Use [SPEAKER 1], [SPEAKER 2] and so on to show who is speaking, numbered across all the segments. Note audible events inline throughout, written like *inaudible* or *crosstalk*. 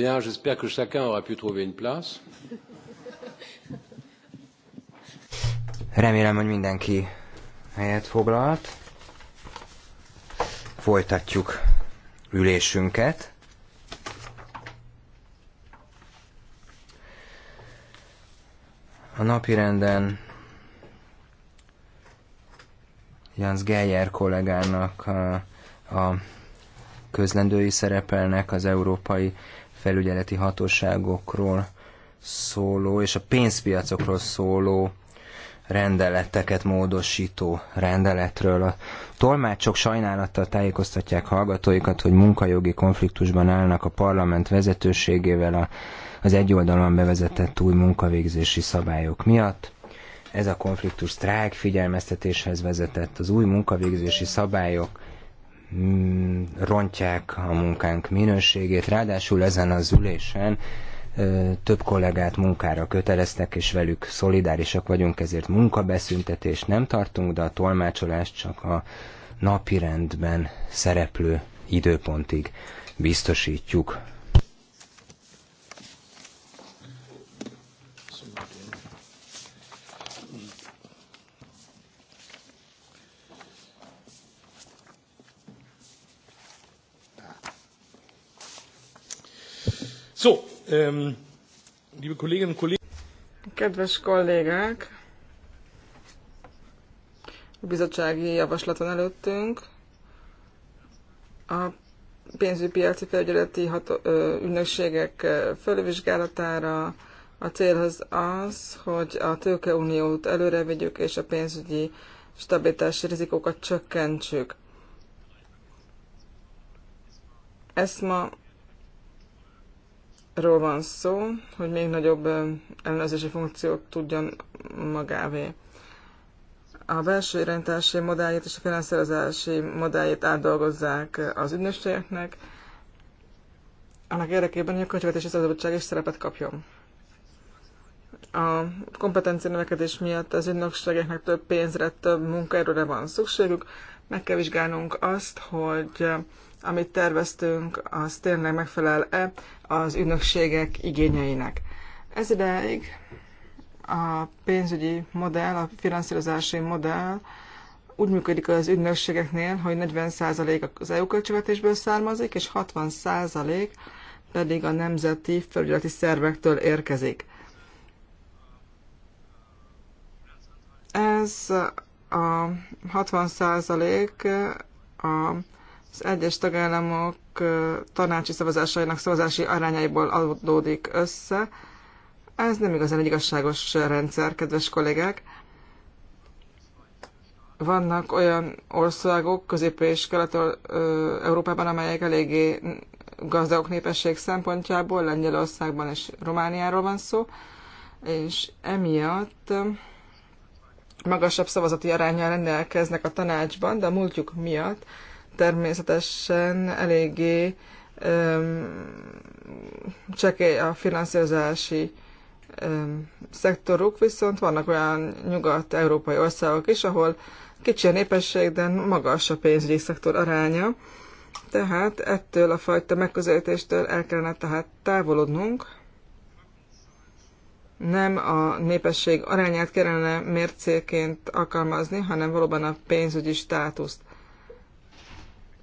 [SPEAKER 1] Bien, j'espère que chacun aura pu trouver une place. Remélem, hogy mindenki helyet foglalt. Folytatjuk ülésünket. A napirenden Jans Geyer kollégának a, a közlendői szerepelnek az Európai felügyeleti hatóságokról szóló és a pénzpiacokról szóló rendeleteket módosító rendeletről. A tolmácsok sajnálattal tájékoztatják hallgatóikat, hogy munkajogi konfliktusban állnak a parlament vezetőségével a, az egyoldalon bevezetett új munkavégzési szabályok miatt. Ez a konfliktus sztrájk figyelmeztetéshez vezetett. Az új munkavégzési szabályok Mm, rontják a munkánk minőségét. Ráadásul ezen az ülésen több kollégát munkára köteleztek, és velük szolidárisak vagyunk, ezért munkabeszüntetést nem tartunk, de a tolmácsolást csak a napirendben szereplő időpontig biztosítjuk.
[SPEAKER 2] So, ähm, liebe Kolleginnen und Kollegen. Kedves kollégák, a bizottsági javaslaton előttünk a pénzügypiaci felügyeleti ügynökségek fölvizsgálatára a célhoz az, hogy a tőkeuniót előre vigyük és a pénzügyi stabilitási rizikókat csökkentsük. Ezt ma ról van szó, hogy még nagyobb ellenőrzési funkciót tudjon magávé. A belső irányítási modelljét és a finanszírozási modelljét átdolgozzák az ügynökségeknek, annak érdekében, hogy a költségvetési szabadság is szerepet kapjon. A kompetencia növekedés miatt az ügynökségeknek több pénzre, több munkaerőre van szükségük. Meg kell vizsgálnunk azt, hogy amit terveztünk, az tényleg megfelel-e az ügynökségek igényeinek. Ez ideig a pénzügyi modell, a finanszírozási modell úgy működik az ügynökségeknél, hogy 40% az EU költségvetésből származik, és 60% pedig a nemzeti felügyeleti szervektől érkezik. Ez a 60 százalék a az egyes tagállamok tanácsi szavazásainak szavazási arányaiból adódik össze. Ez nem igazán egy igazságos rendszer, kedves kollégák. Vannak olyan országok Közép- és Kelet-Európában, amelyek eléggé gazdagok népesség szempontjából, Lengyelországban és Romániáról van szó, és emiatt magasabb szavazati arányjal rendelkeznek a tanácsban, de a múltjuk miatt természetesen eléggé csekély a finanszírozási szektoruk, viszont vannak olyan nyugat-európai országok is, ahol kicsi a népesség, de magas a pénzügyi szektor aránya. Tehát ettől a fajta megközelítéstől el kellene tehát távolodnunk. Nem a népesség arányát kellene mércéként alkalmazni, hanem valóban a pénzügyi státuszt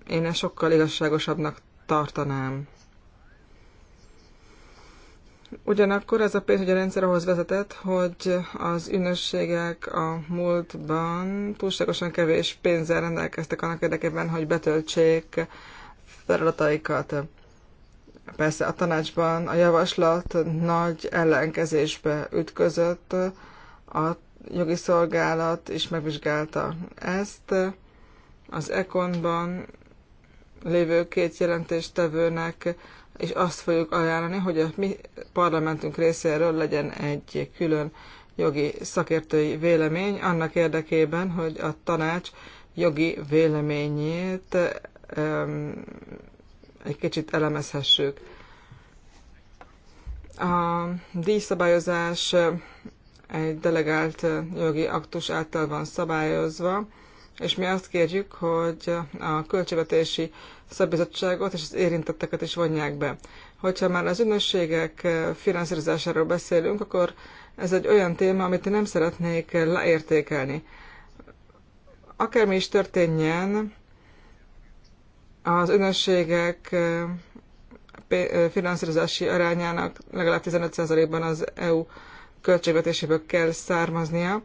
[SPEAKER 2] én ezt sokkal igazságosabbnak tartanám. Ugyanakkor ez a pénzügyi rendszer ahhoz vezetett, hogy az ünnösségek a múltban túlságosan kevés pénzzel rendelkeztek annak érdekében, hogy betöltsék feladataikat. Persze a tanácsban a javaslat nagy ellenkezésbe ütközött, a jogi szolgálat is megvizsgálta ezt. Az Ekonban lévő két jelentéstevőnek, és azt fogjuk ajánlani, hogy a mi parlamentünk részéről legyen egy külön jogi szakértői vélemény annak érdekében, hogy a tanács jogi véleményét um, egy kicsit elemezhessük. A díjszabályozás egy delegált jogi aktus által van szabályozva, és mi azt kérjük, hogy a költségvetési szabizottságot és az érintetteket is vonják be. Hogyha már az ügynökségek eh, finanszírozásáról beszélünk, akkor ez egy olyan téma, amit én nem szeretnék leértékelni. Akármi is történjen, az ügynökségek eh, eh, finanszírozási arányának legalább 15%-ban az EU költségvetéséből kell származnia,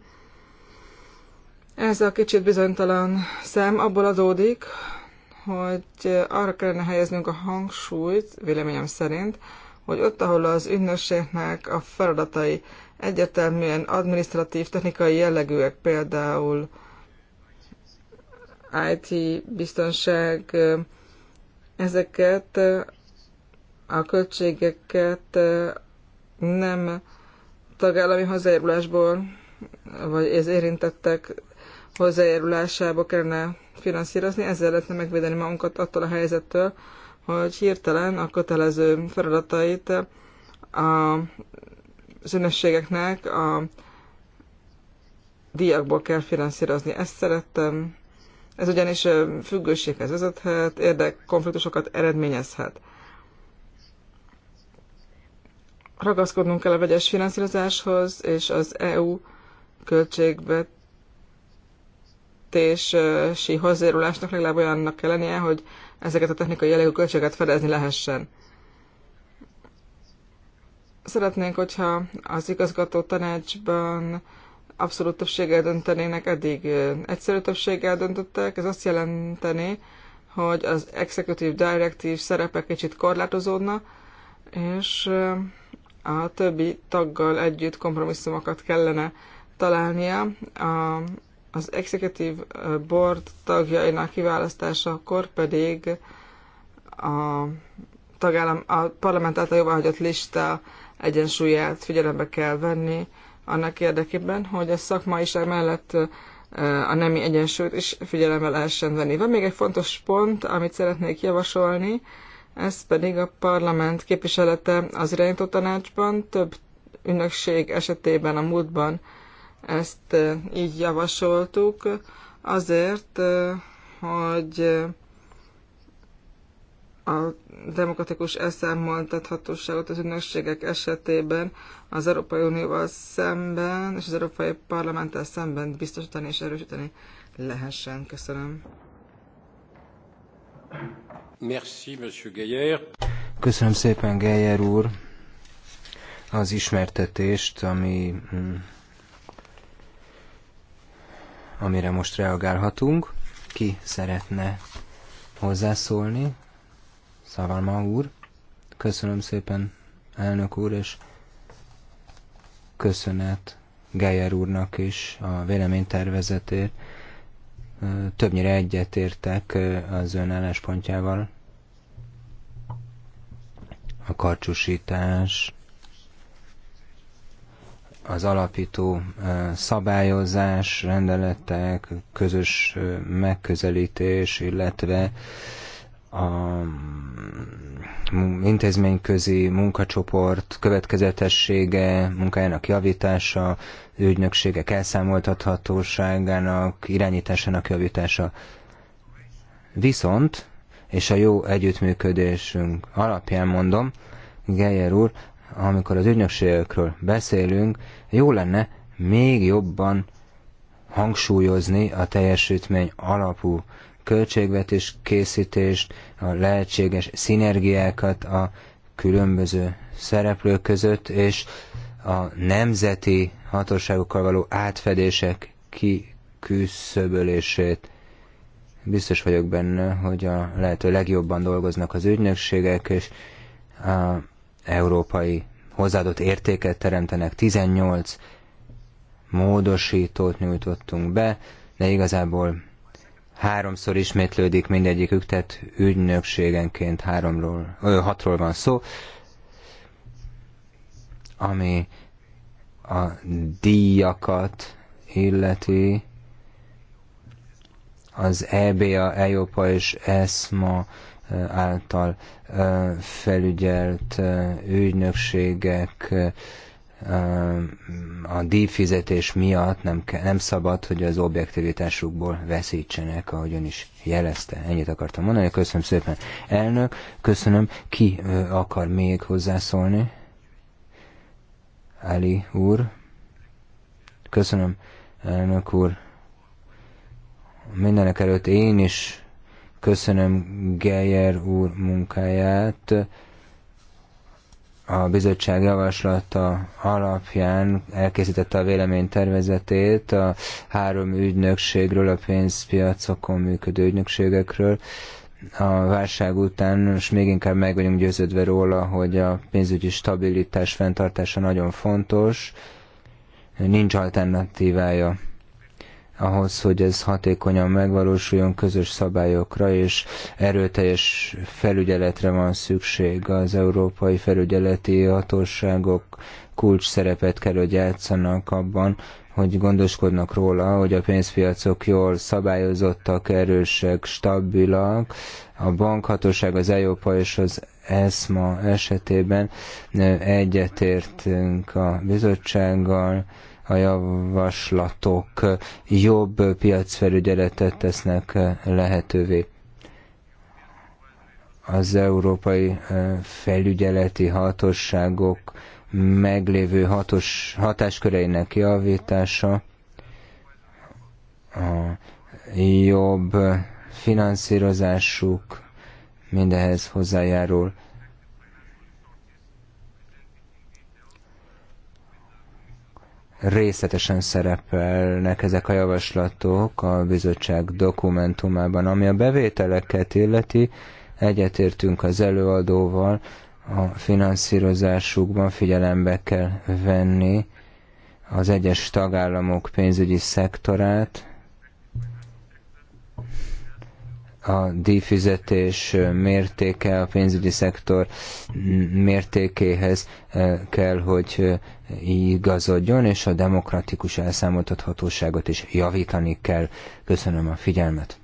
[SPEAKER 2] ez a kicsit bizonytalan szám abból adódik, hogy arra kellene helyeznünk a hangsúlyt, véleményem szerint, hogy ott, ahol az ünnösségnek a feladatai egyértelműen administratív, technikai jellegűek, például IT, biztonság, ezeket a költségeket nem tagállami hozzájárulásból, vagy az érintettek hozzájárulásába kellene finanszírozni, ezzel lehetne megvédeni magunkat attól a helyzettől, hogy hirtelen a kötelező feladatait a ünnepségeknek a díjakból kell finanszírozni. Ezt szerettem. Ez ugyanis függőséghez vezethet, érdekkonfliktusokat eredményezhet. Ragaszkodnunk kell a vegyes finanszírozáshoz, és az EU költségvet fejlesztési hozzájárulásnak legalább olyannak kell lennie, hogy ezeket a technikai jellegű költségeket fedezni lehessen. Szeretnénk, hogyha az igazgató tanácsban abszolút többséggel döntenének, eddig egyszerű többséggel döntöttek, ez azt jelenteni, hogy az executive directive szerepe kicsit korlátozódna, és a többi taggal együtt kompromisszumokat kellene találnia a az executive board tagjainak kiválasztásakor pedig a tagállam, a parlament által jóváhagyott lista egyensúlyát figyelembe kell venni annak érdekében, hogy a szakmaiság mellett a nemi egyensúlyt is figyelembe lehessen venni. Van még egy fontos pont, amit szeretnék javasolni, ez pedig a parlament képviselete az irányító tanácsban, több ünnökség esetében a múltban ezt így javasoltuk azért, hogy a demokratikus elszámoltathatóságot az ügynökségek esetében az Európai Unióval szemben és az Európai Parlamenttel szemben biztosítani és erősíteni lehessen. Köszönöm.
[SPEAKER 1] Merci, Monsieur Geyer. Köszönöm szépen, Geyer úr, az ismertetést, ami hm, amire most reagálhatunk. Ki szeretne hozzászólni? Szavarma úr. Köszönöm szépen, elnök úr, és köszönet Geyer úrnak is a véleménytervezetért. Többnyire egyetértek az ön álláspontjával. A karcsúsítás, az alapító szabályozás, rendeletek, közös megközelítés, illetve a mm, intézményközi munkacsoport következetessége, munkájának javítása, ügynökségek elszámoltathatóságának, irányításának javítása. Viszont, és a jó együttműködésünk alapján mondom, Geyer úr, amikor az ügynökségekről beszélünk, jó lenne még jobban hangsúlyozni a teljesítmény alapú költségvetés készítést, a lehetséges szinergiákat a különböző szereplők között, és a nemzeti hatóságokkal való átfedések kiküszöbölését. Biztos vagyok benne, hogy a lehető legjobban dolgoznak az ügynökségek, és a európai hozzáadott értéket teremtenek. 18 módosítót nyújtottunk be, de igazából háromszor ismétlődik mindegyikük, tehát ügynökségenként háromról, ö, hatról van szó, ami a díjakat illeti, az EBA, EOPA és ESMA által felügyelt ügynökségek a díjfizetés miatt nem, nem szabad, hogy az objektivitásukból veszítsenek, ahogy ön is jelezte. Ennyit akartam mondani. Köszönöm szépen. Elnök, köszönöm. Ki akar még hozzászólni? Ali úr. Köszönöm, elnök úr. Mindenek előtt én is Köszönöm Geyer úr munkáját. A bizottság javaslata alapján elkészítette a véleménytervezetét a három ügynökségről, a pénzpiacokon működő ügynökségekről a válság után most még inkább meg vagyunk győződve róla, hogy a pénzügyi stabilitás fenntartása nagyon fontos, nincs alternatívája ahhoz, hogy ez hatékonyan megvalósuljon, közös szabályokra és erőteljes felügyeletre van szükség. Az európai felügyeleti hatóságok kulcs szerepet kell, hogy játszanak abban, hogy gondoskodnak róla, hogy a pénzpiacok jól szabályozottak, erősek, stabilak. A bankhatóság, az EIOPA és az ESMA esetében egyetértünk a bizottsággal, a javaslatok jobb piacfelügyeletet tesznek lehetővé. Az európai felügyeleti hatóságok meglévő hatos, hatásköreinek javítása, a jobb finanszírozásuk mindehez hozzájárul. részletesen szerepelnek ezek a javaslatok a bizottság dokumentumában. Ami a bevételeket illeti, egyetértünk az előadóval, a finanszírozásukban figyelembe kell venni az egyes tagállamok pénzügyi szektorát, a díjfizetés mértéke a pénzügyi szektor mértékéhez e, kell, hogy e, igazodjon, és a demokratikus elszámoltathatóságot is javítani kell. Köszönöm a figyelmet.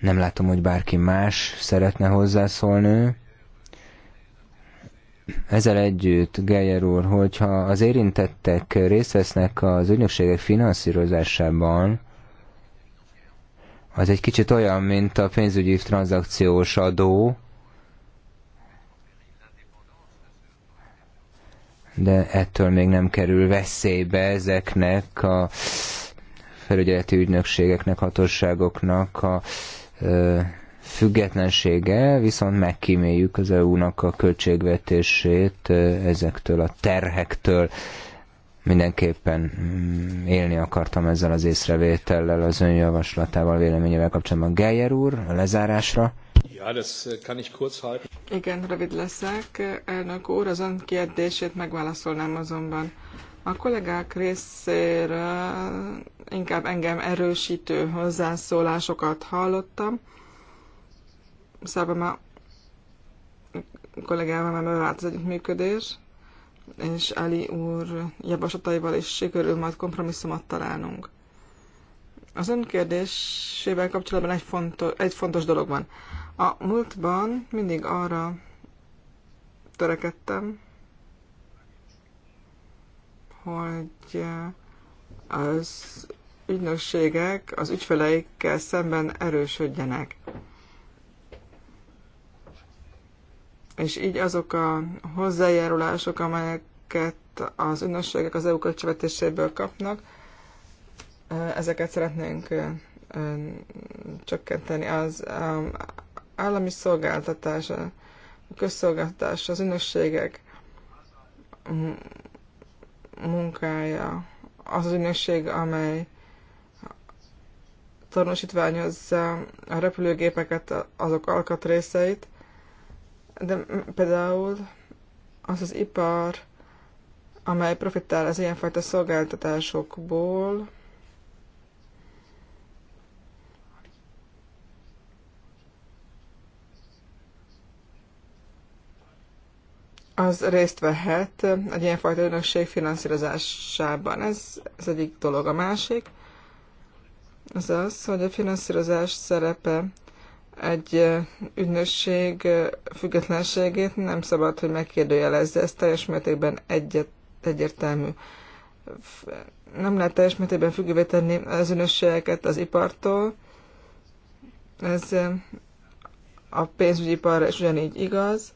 [SPEAKER 1] Nem látom, hogy bárki más szeretne hozzászólni. Ezzel együtt, Geyer úr, hogyha az érintettek részt vesznek az ügynökségek finanszírozásában, az egy kicsit olyan, mint a pénzügyi tranzakciós adó, de ettől még nem kerül veszélybe ezeknek a felügyeleti ügynökségeknek, hatóságoknak a ö, függetlensége, viszont megkíméljük az EU-nak a költségvetését ö, ezektől a terhektől. Ö, Mindenképpen mm, élni akartam ezzel az észrevétellel, az ön javaslatával, véleményével kapcsolatban. Geyer úr, a lezárásra.
[SPEAKER 3] Ja, das äh, kann ich kurz halten.
[SPEAKER 2] Igen, rövid leszek. Elnök úr, az ön kérdését megválaszolnám azonban. A kollégák részéről inkább engem erősítő hozzászólásokat hallottam. Szabama kollégával nem bevált az együttműködés. működés és Ali úr javaslataival is sikerül majd kompromisszumot találnunk. Az kérdésével kapcsolatban egy fontos, egy fontos dolog van. A múltban mindig arra törekedtem, hogy az ügynökségek az ügyfeleikkel szemben erősödjenek. és így azok a hozzájárulások, amelyeket az ünnepségek az EU költségvetéséből kapnak, ezeket szeretnénk csökkenteni. Az um, állami szolgáltatás, a közszolgáltatás, az ünnepségek munkája, az az ünnepség, amely tornosítványozza a repülőgépeket, azok alkatrészeit, de például az az ipar, amely profitál az ilyenfajta szolgáltatásokból, az részt vehet egy ilyenfajta önökség finanszírozásában. Ez, ez egyik dolog. A másik az az, hogy a finanszírozás szerepe egy ügynösség függetlenségét nem szabad, hogy megkérdőjelezze, ez teljes mértékben egyet, egyértelmű. Nem lehet teljes mértékben függővé tenni az ügynösségeket az ipartól, ez a pénzügyiparra is ugyanígy igaz.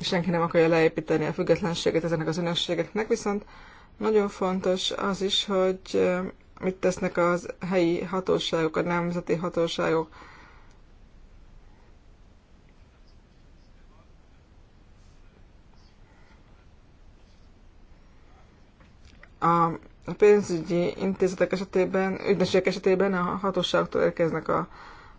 [SPEAKER 2] Senki nem akarja leépíteni a függetlenséget ezeknek az önösségeknek, viszont nagyon fontos az is, hogy mit tesznek az helyi hatóságok, a nemzeti hatóságok. A pénzügyi intézetek esetében, ügynökségek esetében a hatóságtól érkeznek a,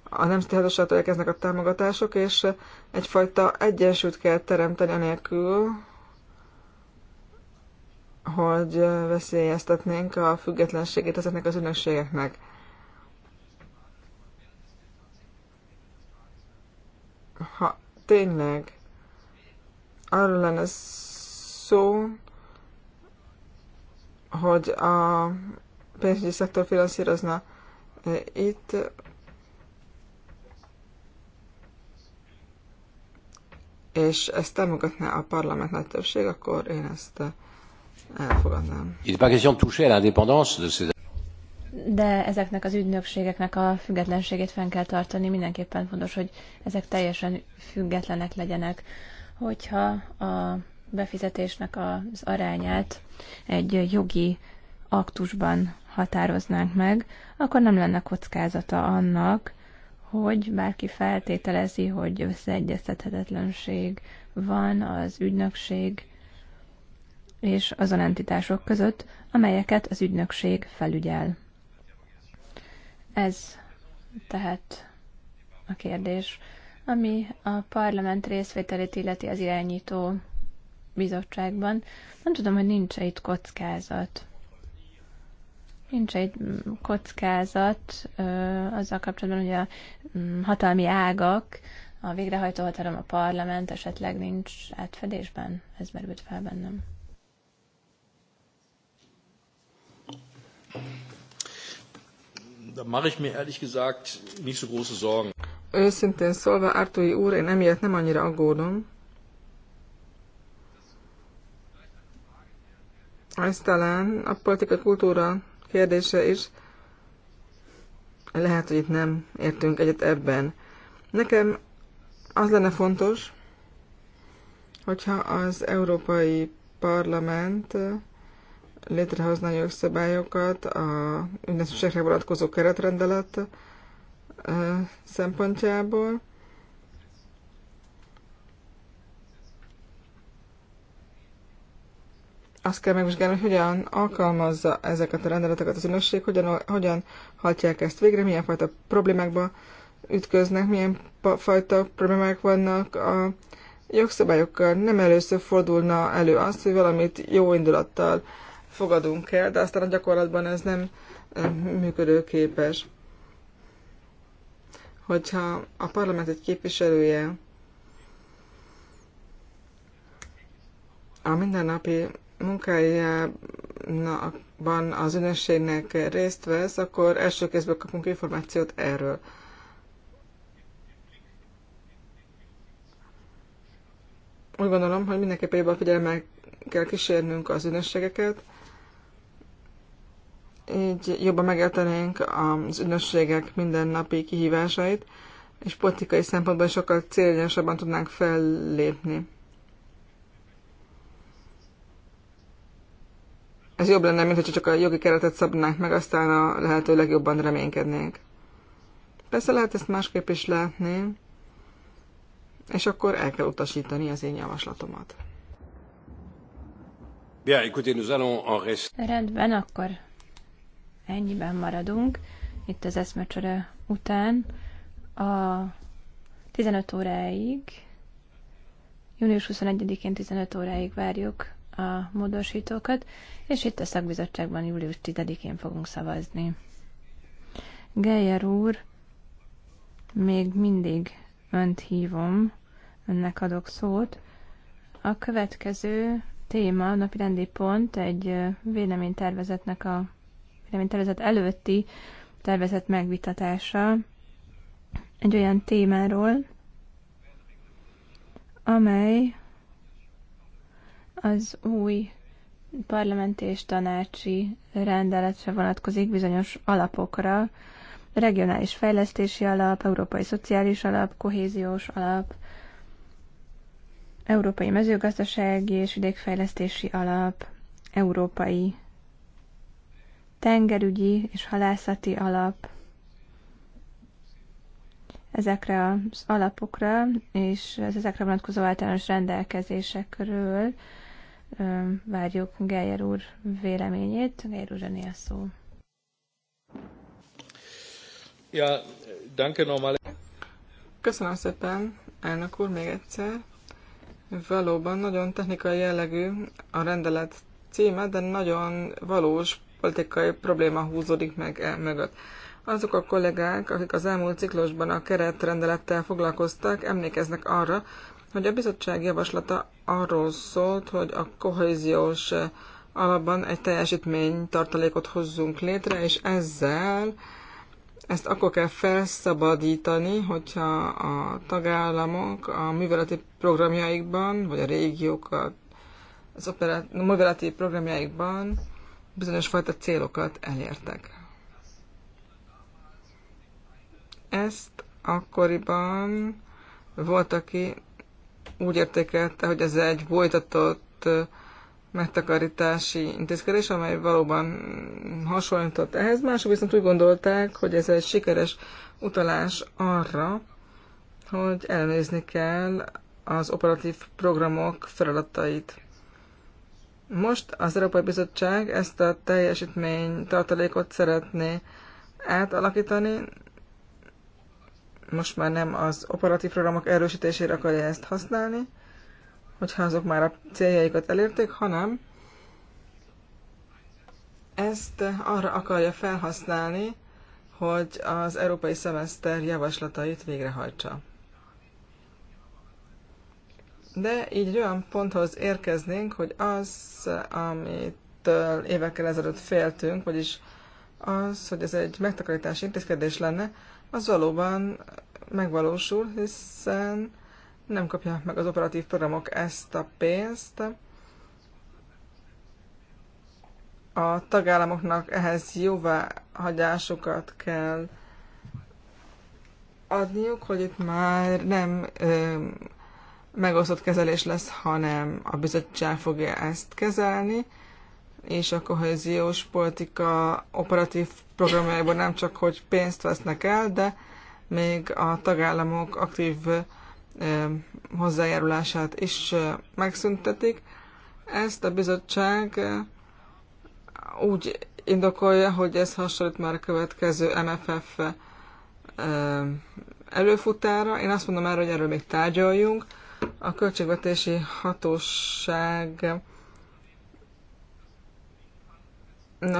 [SPEAKER 2] a nemzeti hatóságtól érkeznek a támogatások, és egyfajta egyensúlyt kell teremteni anélkül, hogy veszélyeztetnénk a függetlenségét ezeknek az ügynökségeknek. Ha tényleg arról lenne szó, hogy a pénzügyi szektor finanszírozna itt, és ezt támogatná a parlament nagy többség, akkor én ezt elfogadnám.
[SPEAKER 3] De ezeknek az ügynökségeknek a függetlenségét fenn kell tartani, mindenképpen fontos, hogy ezek teljesen függetlenek legyenek. Hogyha a befizetésnek az arányát egy jogi aktusban határoznánk meg, akkor nem lenne kockázata annak, hogy bárki feltételezi, hogy összeegyeztethetetlenség van az ügynökség és azon entitások között, amelyeket az ügynökség felügyel. Ez tehát a kérdés, ami a parlament részvételét illeti az irányító bizottságban. Nem tudom, hogy nincs-e itt kockázat. Nincs egy kockázat ö, azzal kapcsolatban, hogy a mm, hatalmi ágak, a végrehajtó hatalom, a parlament esetleg nincs átfedésben? Ez merült fel bennem.
[SPEAKER 2] Da mache ich mir ehrlich gesagt nicht so große Sorgen. Őszintén szólva, Artúi úr, én emiatt nem annyira aggódom. Ez talán a politikai kultúra kérdése is. Lehet, hogy itt nem értünk egyet ebben. Nekem az lenne fontos, hogyha az Európai Parlament létrehozni a jogszabályokat a ünnepségekre vonatkozó keretrendelet szempontjából. Azt kell megvizsgálni, hogy hogyan alkalmazza ezeket a rendeleteket az ügynökség, hogyan, hogyan hajtják ezt végre, milyen fajta problémákba ütköznek, milyen fajta problémák vannak a jogszabályokkal. Nem először fordulna elő az, hogy valamit jó indulattal fogadunk el, de aztán a gyakorlatban ez nem működőképes. Hogyha a parlament egy képviselője a mindennapi munkájában az ünösségnek részt vesz, akkor első kézből kapunk információt erről. Úgy gondolom, hogy mindenképpen jobban figyelemmel kell kísérnünk az ünösségeket, így jobban megértenénk az ügynökségek mindennapi kihívásait, és politikai szempontból sokkal célnyosabban tudnánk fellépni. Ez jobb lenne, mint hogyha csak a jogi keretet szabnánk meg, aztán a lehető legjobban reménykednénk. Persze lehet ezt másképp is látni, és akkor el kell
[SPEAKER 3] utasítani az én
[SPEAKER 2] javaslatomat.
[SPEAKER 3] Bien, écoutez, nous allons en rest... Rendben, akkor ennyiben maradunk itt az eszmecsere után a 15 óráig, június 21-én 15 óráig várjuk a módosítókat, és itt a szakbizottságban július 10-én fogunk szavazni. Geyer úr, még mindig önt hívom, önnek adok szót. A következő téma, rendi pont egy véleménytervezetnek a véleménytervezet előtti tervezett megvitatása egy olyan témáról, amely az új parlament és tanácsi rendeletre vonatkozik bizonyos alapokra, regionális fejlesztési alap, európai szociális alap, kohéziós alap, európai mezőgazdasági és vidékfejlesztési alap, európai tengerügyi és halászati alap ezekre az alapokra és az ezekre vonatkozó általános rendelkezések körül várjuk Geyer úr véleményét. Geyer úr, a szó.
[SPEAKER 2] Ja, danke normal.
[SPEAKER 3] Köszönöm szépen, elnök úr, még egyszer.
[SPEAKER 2] Valóban nagyon technikai jellegű a rendelet címe, de nagyon valós politikai probléma húzódik meg el mögött. Azok a kollégák, akik az elmúlt ciklusban a keretrendelettel foglalkoztak, emlékeznek arra, hogy a bizottság javaslata arról szólt, hogy a kohéziós alapban egy teljesítmény tartalékot hozzunk létre, és ezzel ezt akkor kell felszabadítani, hogyha a tagállamok a műveleti programjaikban, vagy a régiók az operat- műveleti programjaikban bizonyos fajta célokat elértek. Ezt akkoriban volt, aki úgy értékelte, hogy ez egy folytatott megtakarítási intézkedés, amely valóban hasonlított ehhez. Mások viszont úgy gondolták, hogy ez egy sikeres utalás arra, hogy elnézni kell az operatív programok feladatait. Most az Európai Bizottság ezt a teljesítmény tartalékot szeretné átalakítani. Most már nem az operatív programok erősítésére akarja ezt használni, hogyha azok már a céljaikat elérték, hanem ezt arra akarja felhasználni, hogy az európai szemeszter javaslatait végrehajtsa. De így olyan ponthoz érkeznénk, hogy az, amit évekkel ezelőtt féltünk, vagyis az, hogy ez egy megtakarítási intézkedés lenne, az valóban megvalósul, hiszen nem kapják meg az operatív programok ezt a pénzt. A tagállamoknak ehhez jóváhagyásokat kell adniuk, hogy itt már nem ö, megosztott kezelés lesz, hanem a bizottság fogja ezt kezelni, és a kohéziós politika operatív programjaiból nem csak, hogy pénzt vesznek el, de még a tagállamok aktív hozzájárulását is megszüntetik. Ezt a bizottság úgy indokolja, hogy ez hasonlít már a következő MFF előfutára. Én azt mondom erre, hogy erről még tárgyaljunk, a költségvetési hatóság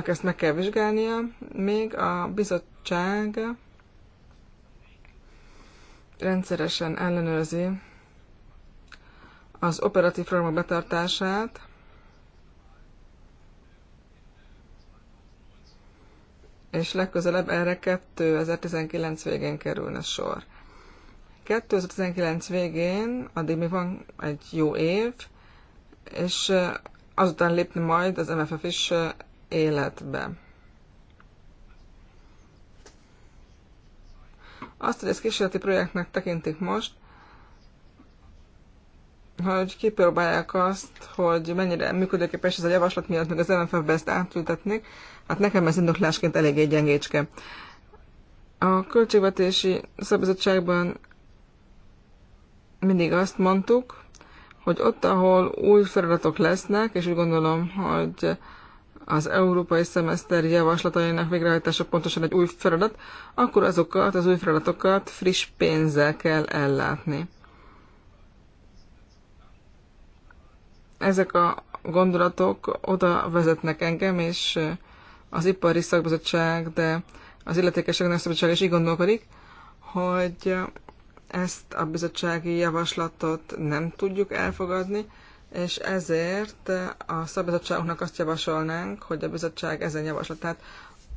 [SPEAKER 2] ezt meg kell vizsgálnia, még a bizottság rendszeresen ellenőrzi az operatív programok betartását, és legközelebb erre 2019 végén kerülne sor. 2019 végén, addig még van egy jó év, és azután lépni majd az MFF is életbe. Azt, hogy ezt kísérleti projektnek tekintik most, hogy kipróbálják azt, hogy mennyire működőképes ez a javaslat miatt, meg az MFF-be ezt átültetnék, hát nekem ez indoklásként eléggé gyengécske. A költségvetési szabizottságban mindig azt mondtuk, hogy ott, ahol új feladatok lesznek, és úgy gondolom, hogy az európai szemeszter javaslatainak végrehajtása pontosan egy új feladat, akkor azokat az új feladatokat friss pénzzel kell ellátni. Ezek a gondolatok oda vezetnek engem, és az ipari szakbizottság, de az illetékesek szakbizottság is így gondolkodik, hogy ezt a bizottsági javaslatot nem tudjuk elfogadni, és ezért a szabadságunknak azt javasolnánk, hogy a bizottság ezen javaslatát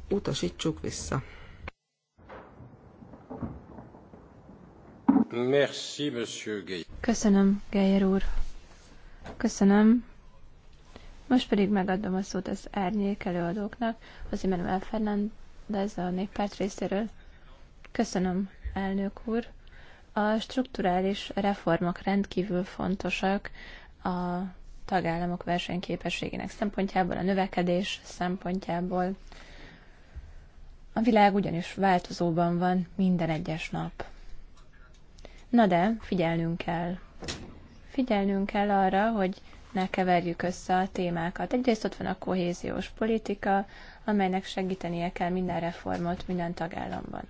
[SPEAKER 2] utasítsuk vissza.
[SPEAKER 1] Merci, monsieur Gay.
[SPEAKER 2] Köszönöm,
[SPEAKER 3] Geyer úr. Köszönöm. Most pedig megadom a szót az árnyék előadóknak, az Immanuel Fernández a néppárt részéről. Köszönöm, elnök úr. A strukturális reformok rendkívül fontosak a tagállamok versenyképességének szempontjából, a növekedés szempontjából. A világ ugyanis változóban van minden egyes nap. Na de, figyelnünk kell. Figyelnünk kell arra, hogy ne keverjük össze a témákat. Egyrészt ott van a kohéziós politika, amelynek segítenie kell minden reformot minden tagállamban.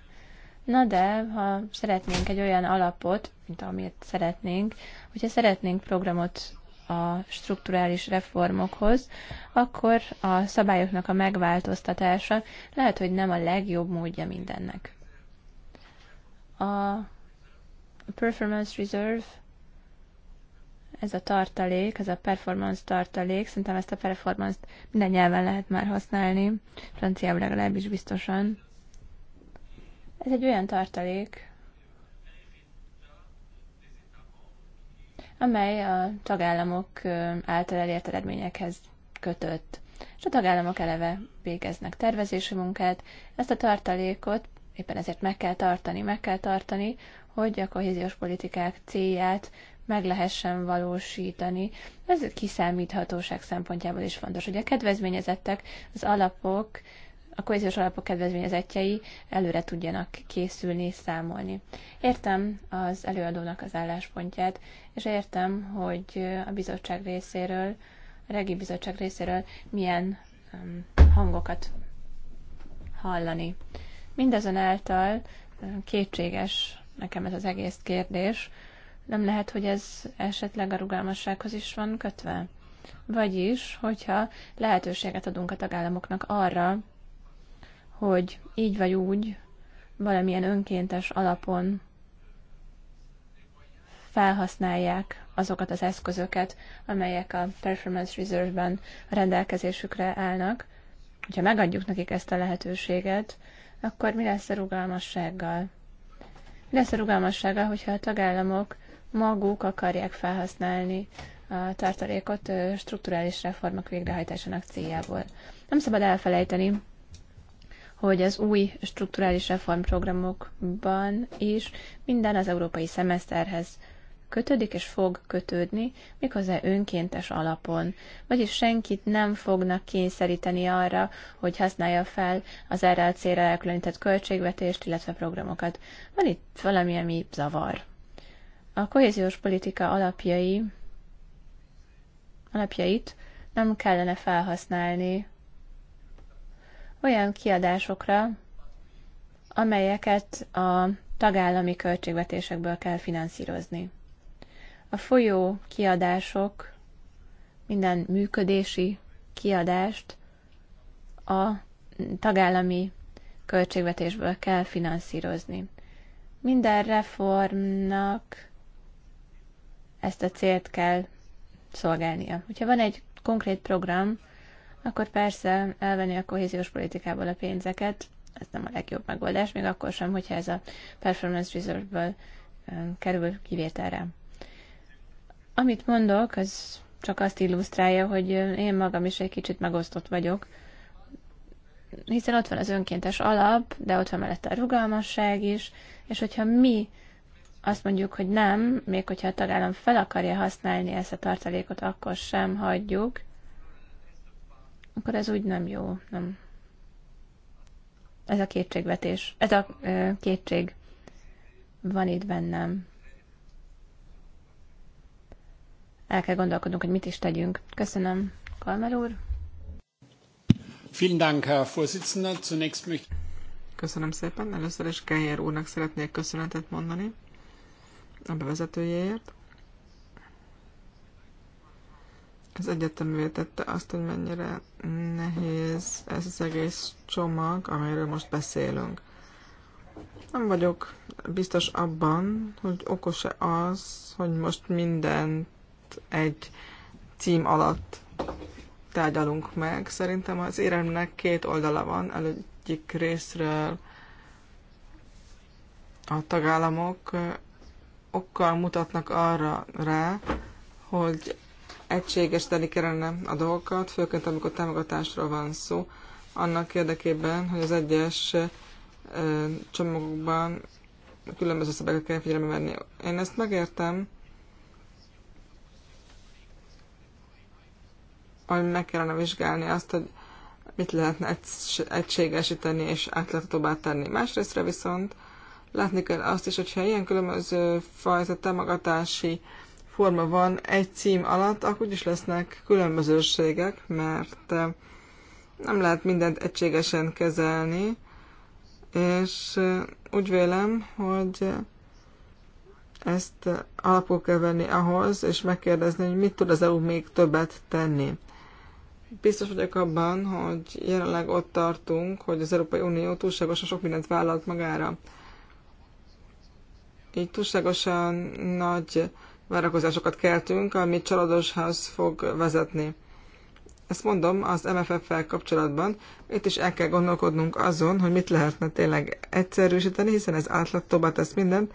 [SPEAKER 3] Na de, ha szeretnénk egy olyan alapot, mint amit szeretnénk, hogyha szeretnénk programot a strukturális reformokhoz, akkor a szabályoknak a megváltoztatása lehet, hogy nem a legjobb módja mindennek. A performance reserve, ez a tartalék, ez a performance tartalék, szerintem ezt a performance-t minden nyelven lehet már használni, franciául legalábbis biztosan. Ez egy olyan tartalék, amely a tagállamok által elért eredményekhez kötött. És a tagállamok eleve végeznek tervezési munkát. Ezt a tartalékot éppen ezért meg kell tartani, meg kell tartani, hogy a kohéziós politikák célját meg lehessen valósítani. Ez a kiszámíthatóság szempontjából is fontos, hogy a kedvezményezettek, az alapok a kohéziós alapok kedvezményezettjei előre tudjanak készülni, számolni. Értem az előadónak az álláspontját, és értem, hogy a bizottság részéről, a regi bizottság részéről milyen um, hangokat hallani. Mindazonáltal um, kétséges nekem ez az egész kérdés. Nem lehet, hogy ez esetleg a rugalmassághoz is van kötve? Vagyis, hogyha lehetőséget adunk a tagállamoknak arra, hogy így vagy úgy, valamilyen önkéntes alapon felhasználják azokat az eszközöket, amelyek a Performance Reserve-ben rendelkezésükre állnak. Hogyha megadjuk nekik ezt a lehetőséget, akkor mi lesz a rugalmassággal? Mi lesz a rugalmassággal, hogyha a tagállamok maguk akarják felhasználni a tartalékot strukturális reformok végrehajtásának céljából? Nem szabad elfelejteni, hogy az új strukturális reformprogramokban is minden az európai szemeszterhez kötődik és fog kötődni, méghozzá önkéntes alapon. Vagyis senkit nem fognak kényszeríteni arra, hogy használja fel az erre a célra elkülönített költségvetést, illetve programokat. Van itt valami, ami zavar. A kohéziós politika alapjai, alapjait nem kellene felhasználni olyan kiadásokra, amelyeket a tagállami költségvetésekből kell finanszírozni. A folyó kiadások, minden működési kiadást a tagállami költségvetésből kell finanszírozni. Minden reformnak ezt a célt kell szolgálnia. Hogyha van egy konkrét program, akkor persze elvenni a kohéziós politikából a pénzeket, ez nem a legjobb megoldás, még akkor sem, hogyha ez a Performance Reserve-ből kerül kivételre. Amit mondok, az csak azt illusztrálja, hogy én magam is egy kicsit megosztott vagyok, hiszen ott van az önkéntes alap, de ott van mellette a rugalmasság is, és hogyha mi azt mondjuk, hogy nem, még hogyha a tagállam fel akarja használni ezt a tartalékot, akkor sem hagyjuk, akkor ez úgy nem jó, nem. Ez a kétségvetés, ez a ö, kétség van itt bennem. El kell gondolkodnunk, hogy mit is tegyünk. Köszönöm, Kalmer úr.
[SPEAKER 2] Vielen Dank, Herr Vorsitzender. Zunächst möchte Köszönöm szépen. Először is Geyer úrnak szeretnék köszönetet mondani a bevezetőjéért. ez egyetemvé tette azt, hogy mennyire nehéz ez az egész csomag, amelyről most beszélünk. Nem vagyok biztos abban, hogy okos-e az, hogy most mindent egy cím alatt tárgyalunk meg. Szerintem az éremnek két oldala van. Egyik részről a tagállamok okkal mutatnak arra rá, hogy egységesíteni kellene a dolgokat, főként amikor támogatásról van szó, annak érdekében, hogy az egyes csomagokban különböző szabályokat kell figyelembe venni. Én ezt megértem, hogy meg kellene vizsgálni azt, hogy mit lehetne egységesíteni és átláthatóbbá tenni. Másrésztre viszont látni kell azt is, hogyha ilyen különböző fajta támogatási forma van egy cím alatt, akkor is lesznek különbözőségek, mert eh, nem lehet mindent egységesen kezelni, és eh, úgy vélem, hogy eh, ezt alapul kell venni ahhoz, és megkérdezni, hogy mit tud az EU még többet tenni. Biztos vagyok abban, hogy jelenleg ott tartunk, hogy az Európai Unió túlságosan sok mindent vállalt magára. Így túlságosan nagy várakozásokat keltünk, amit ház fog vezetni. Ezt mondom az MFF-fel kapcsolatban, itt is el kell gondolkodnunk azon, hogy mit lehetne tényleg egyszerűsíteni, hiszen ez átlattóbbá tesz mindent,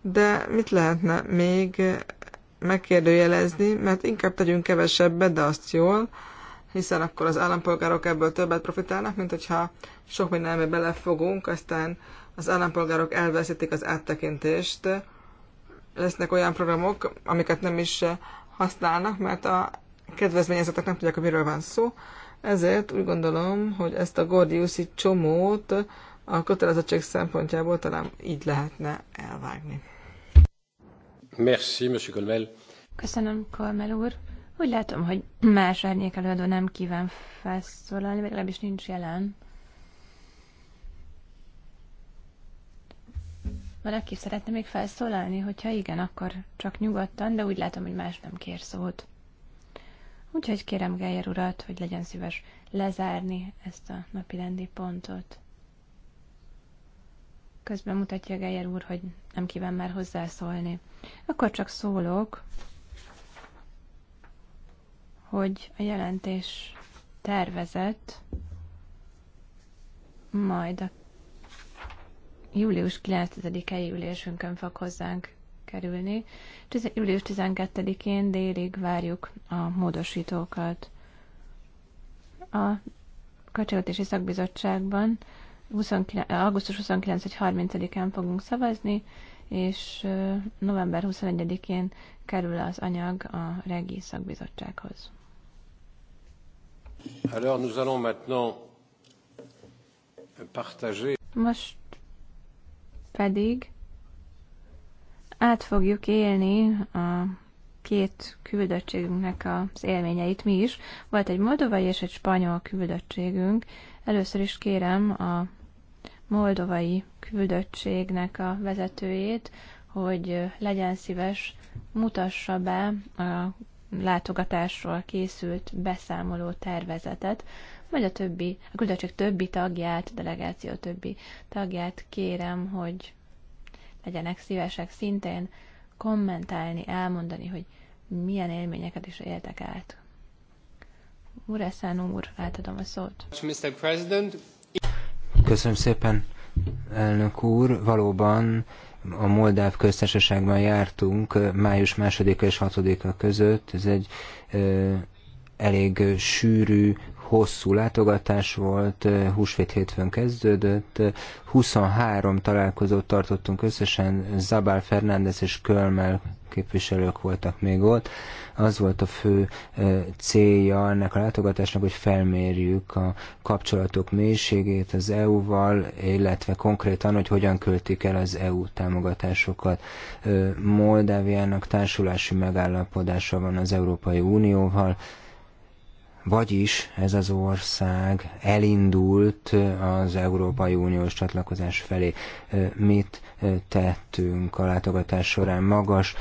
[SPEAKER 2] de mit lehetne még megkérdőjelezni, mert inkább tegyünk kevesebbet, de azt jól, hiszen akkor az állampolgárok ebből többet profitálnak, mint hogyha sok mindenbe belefogunk, aztán az állampolgárok elveszítik az áttekintést, lesznek olyan programok, amiket nem is eh, használnak, mert a kedvezményezetek nem tudják, hogy miről van szó. Ezért úgy gondolom, hogy ezt a Gordiuszi csomót a kötelezettség szempontjából talán
[SPEAKER 3] így lehetne elvágni.
[SPEAKER 1] Merci, Monsieur Colmel.
[SPEAKER 3] Köszönöm, Colmel úr. Úgy látom, hogy más árnyék előadó nem kíván felszólalni, vagy legalábbis nincs jelen. Valaki szeretne még felszólalni? Hogyha igen, akkor csak nyugodtan, de úgy látom, hogy más nem kér szót. Úgyhogy kérem Geyer urat, hogy legyen szíves lezárni ezt a rendi pontot. Közben mutatja Geyer úr, hogy nem kíván már hozzászólni. Akkor csak szólok, hogy a jelentés tervezet majd a július 9-i ülésünkön fog hozzánk kerülni. Július 12-én délig várjuk a módosítókat. A Költségvetési Szakbizottságban 29, augusztus 29 30-án fogunk szavazni, és november 21-én kerül az anyag a Regi Szakbizottsághoz. Alors nous allons maintenant partager. Most pedig át fogjuk élni a két küldöttségünknek az élményeit mi is. Volt egy moldovai és egy spanyol küldöttségünk. Először is kérem a moldovai küldöttségnek a vezetőjét, hogy legyen szíves, mutassa be a látogatásról készült beszámoló tervezetet, vagy a többi, a küldöttség többi tagját, delegáció többi tagját kérem, hogy legyenek szívesek szintén kommentálni, elmondani, hogy milyen élményeket is éltek át. Ureszán úr, átadom a szót.
[SPEAKER 1] Köszönöm szépen, elnök úr. Valóban a Moldáv köztársaságban jártunk május 2 és 6-a között. Ez egy elég sűrű, hosszú látogatás volt, húsvét hétfőn kezdődött, 23 találkozót tartottunk összesen, Zabál Fernández és Kölmel képviselők voltak még ott. Az volt a fő célja ennek a látogatásnak, hogy felmérjük a kapcsolatok mélységét az EU-val, illetve konkrétan, hogy hogyan költik el az EU támogatásokat. Moldáviának társulási megállapodása van az Európai Unióval, vagyis ez az ország elindult az Európai Uniós csatlakozás felé. Mit tettünk a látogatás során? Magas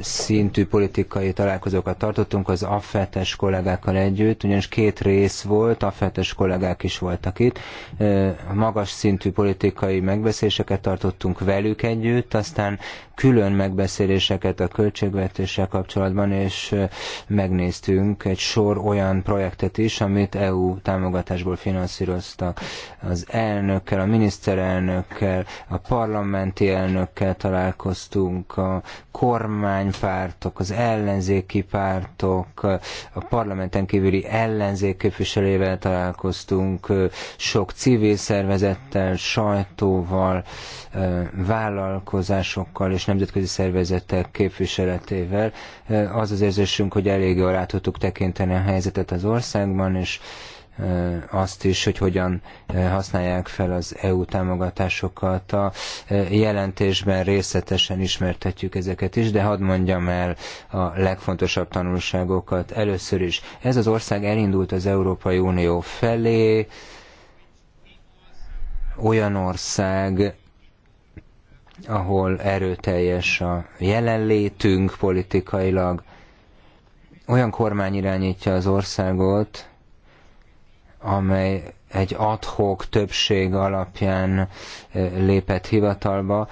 [SPEAKER 1] szintű politikai találkozókat tartottunk az affetes kollégákkal együtt, ugyanis két rész volt, affetes kollégák is voltak itt. Magas szintű politikai megbeszéléseket tartottunk velük együtt, aztán külön megbeszéléseket a költségvetéssel kapcsolatban, és megnéztünk egy sor olyan olyan projektet is, amit EU támogatásból finanszíroztak. Az elnökkel, a miniszterelnökkel, a parlamenti elnökkel találkoztunk, a kormánypártok, az ellenzéki pártok, a parlamenten kívüli ellenzék képviselével találkoztunk, sok civil szervezettel, sajtóval, vállalkozásokkal és nemzetközi szervezetek képviseletével. Az az érzésünk, hogy eléggé alá tudtuk tekinteni a helyzetet helyzet az országban, és azt is, hogy hogyan használják fel az EU támogatásokat. A jelentésben részletesen ismertetjük ezeket is, de hadd mondjam el a legfontosabb tanulságokat. Először is, ez az ország elindult az Európai Unió felé, olyan ország, ahol erőteljes a jelenlétünk politikailag, olyan kormány irányítja az országot, amely egy adhok többség alapján lépett hivatalba.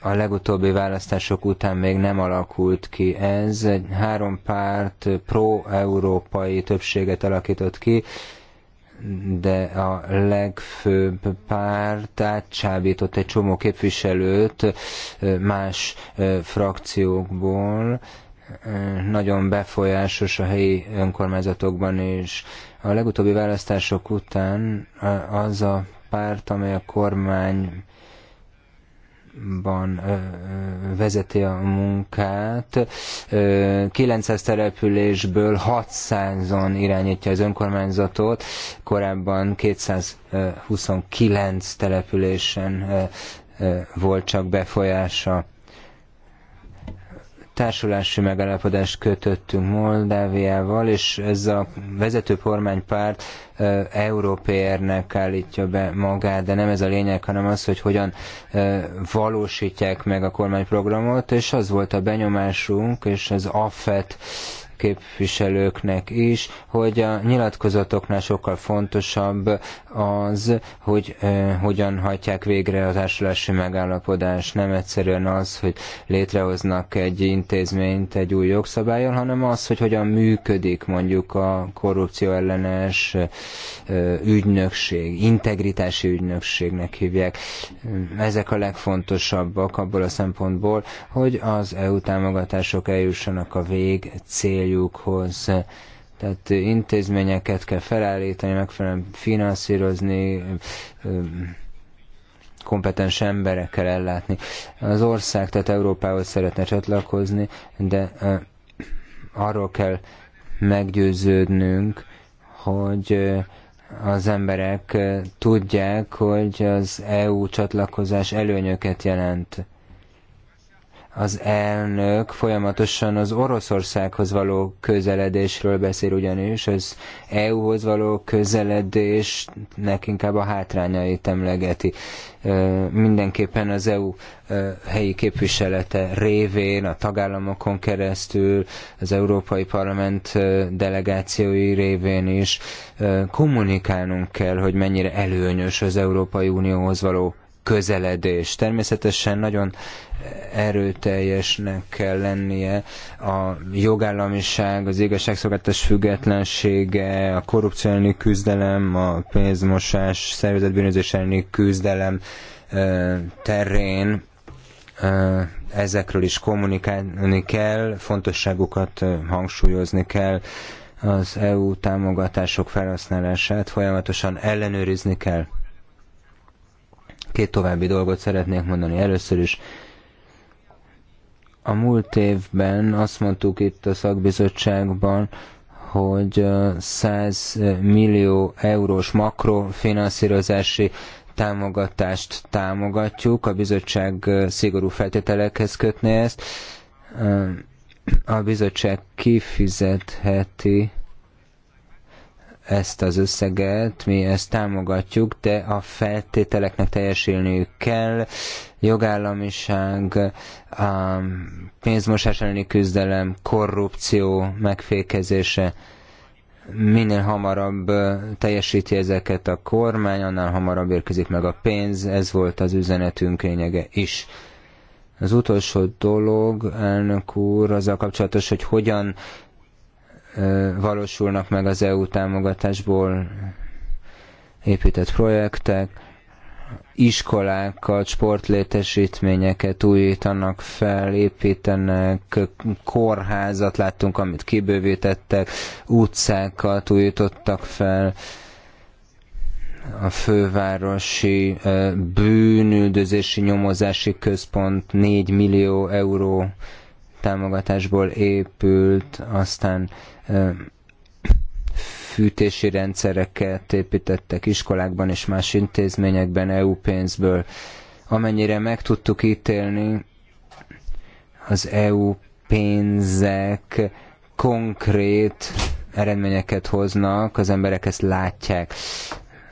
[SPEAKER 1] A legutóbbi választások után még nem alakult ki ez. Egy három párt pro-európai többséget alakított ki, de a legfőbb párt átcsábított egy csomó képviselőt más frakciókból, nagyon befolyásos a helyi önkormányzatokban, és a legutóbbi választások után az a párt, amely a kormány ban vezeti a munkát. 900 településből 600-on irányítja az önkormányzatot, korábban 229 településen volt csak befolyása társulási megállapodást kötöttünk Moldáviával, és ez a vezető kormánypárt Európérnek állítja be magát, de nem ez a lényeg, hanem az, hogy hogyan valósítják meg a kormányprogramot, és az volt a benyomásunk, és az AFET képviselőknek is, hogy a nyilatkozatoknál sokkal fontosabb az, hogy e, hogyan hajtják végre az társulási megállapodás. Nem egyszerűen az, hogy létrehoznak egy intézményt egy új jogszabályon, hanem az, hogy hogyan működik mondjuk a korrupció ellenes eh, ügynökség, integritási ügynökségnek hívják. Ezek a legfontosabbak abból a szempontból, hogy az EU támogatások eljussanak a vég cél céljukhoz. Tehát intézményeket kell felállítani, megfelelően finanszírozni, kompetens emberekkel ellátni. Az ország, tehát Európához szeretne csatlakozni, de arról kell meggyőződnünk, hogy az emberek tudják, hogy az EU csatlakozás előnyöket jelent az elnök folyamatosan az Oroszországhoz való közeledésről beszél ugyanis, az EU-hoz való közeledésnek inkább a hátrányait emlegeti. Mindenképpen az EU helyi képviselete révén, a tagállamokon keresztül, az Európai Parlament delegációi révén is kommunikálnunk kell, hogy mennyire előnyös az Európai Unióhoz való közeledés. Természetesen nagyon erőteljesnek kell lennie a jogállamiság, az igazságszolgáltatás függetlensége, a korrupció elleni küzdelem, a pénzmosás, szervezetbűnözés elleni küzdelem terén ezekről is kommunikálni kell, fontosságukat hangsúlyozni kell, az EU támogatások felhasználását folyamatosan ellenőrizni kell. Két további dolgot szeretnék mondani. Először is a múlt évben azt mondtuk itt a szakbizottságban, hogy 100 millió eurós makrofinanszírozási támogatást támogatjuk, a bizottság szigorú feltételekhez kötné ezt. A bizottság kifizetheti ezt az összeget, mi ezt támogatjuk, de a feltételeknek teljesülniük kell, jogállamiság, a pénzmosás elleni küzdelem, korrupció megfékezése, minél hamarabb teljesíti ezeket a kormány, annál hamarabb érkezik meg a pénz, ez volt az üzenetünk lényege is. Az utolsó dolog, elnök úr, azzal kapcsolatos, hogy hogyan valósulnak meg az EU támogatásból épített projektek, iskolákat, sportlétesítményeket újítanak fel, építenek, kórházat láttunk, amit kibővítettek, utcákat újítottak fel, a fővárosi bűnüldözési nyomozási központ 4 millió euró támogatásból épült, aztán fűtési rendszereket építettek iskolákban és más intézményekben EU pénzből. Amennyire meg tudtuk ítélni, az EU pénzek konkrét eredményeket hoznak, az emberek ezt látják.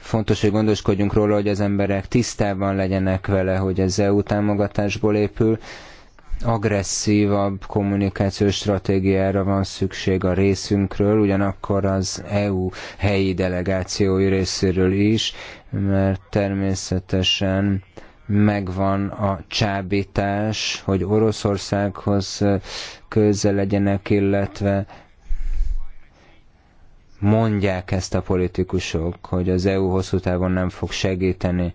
[SPEAKER 1] Fontos, hogy gondoskodjunk róla, hogy az emberek tisztában legyenek vele, hogy ez EU támogatásból épül, agresszívabb kommunikációs stratégiára van szükség a részünkről, ugyanakkor az EU helyi delegációi részéről is, mert természetesen megvan a csábítás, hogy Oroszországhoz közel legyenek, illetve mondják ezt a politikusok, hogy az EU hosszú távon nem fog segíteni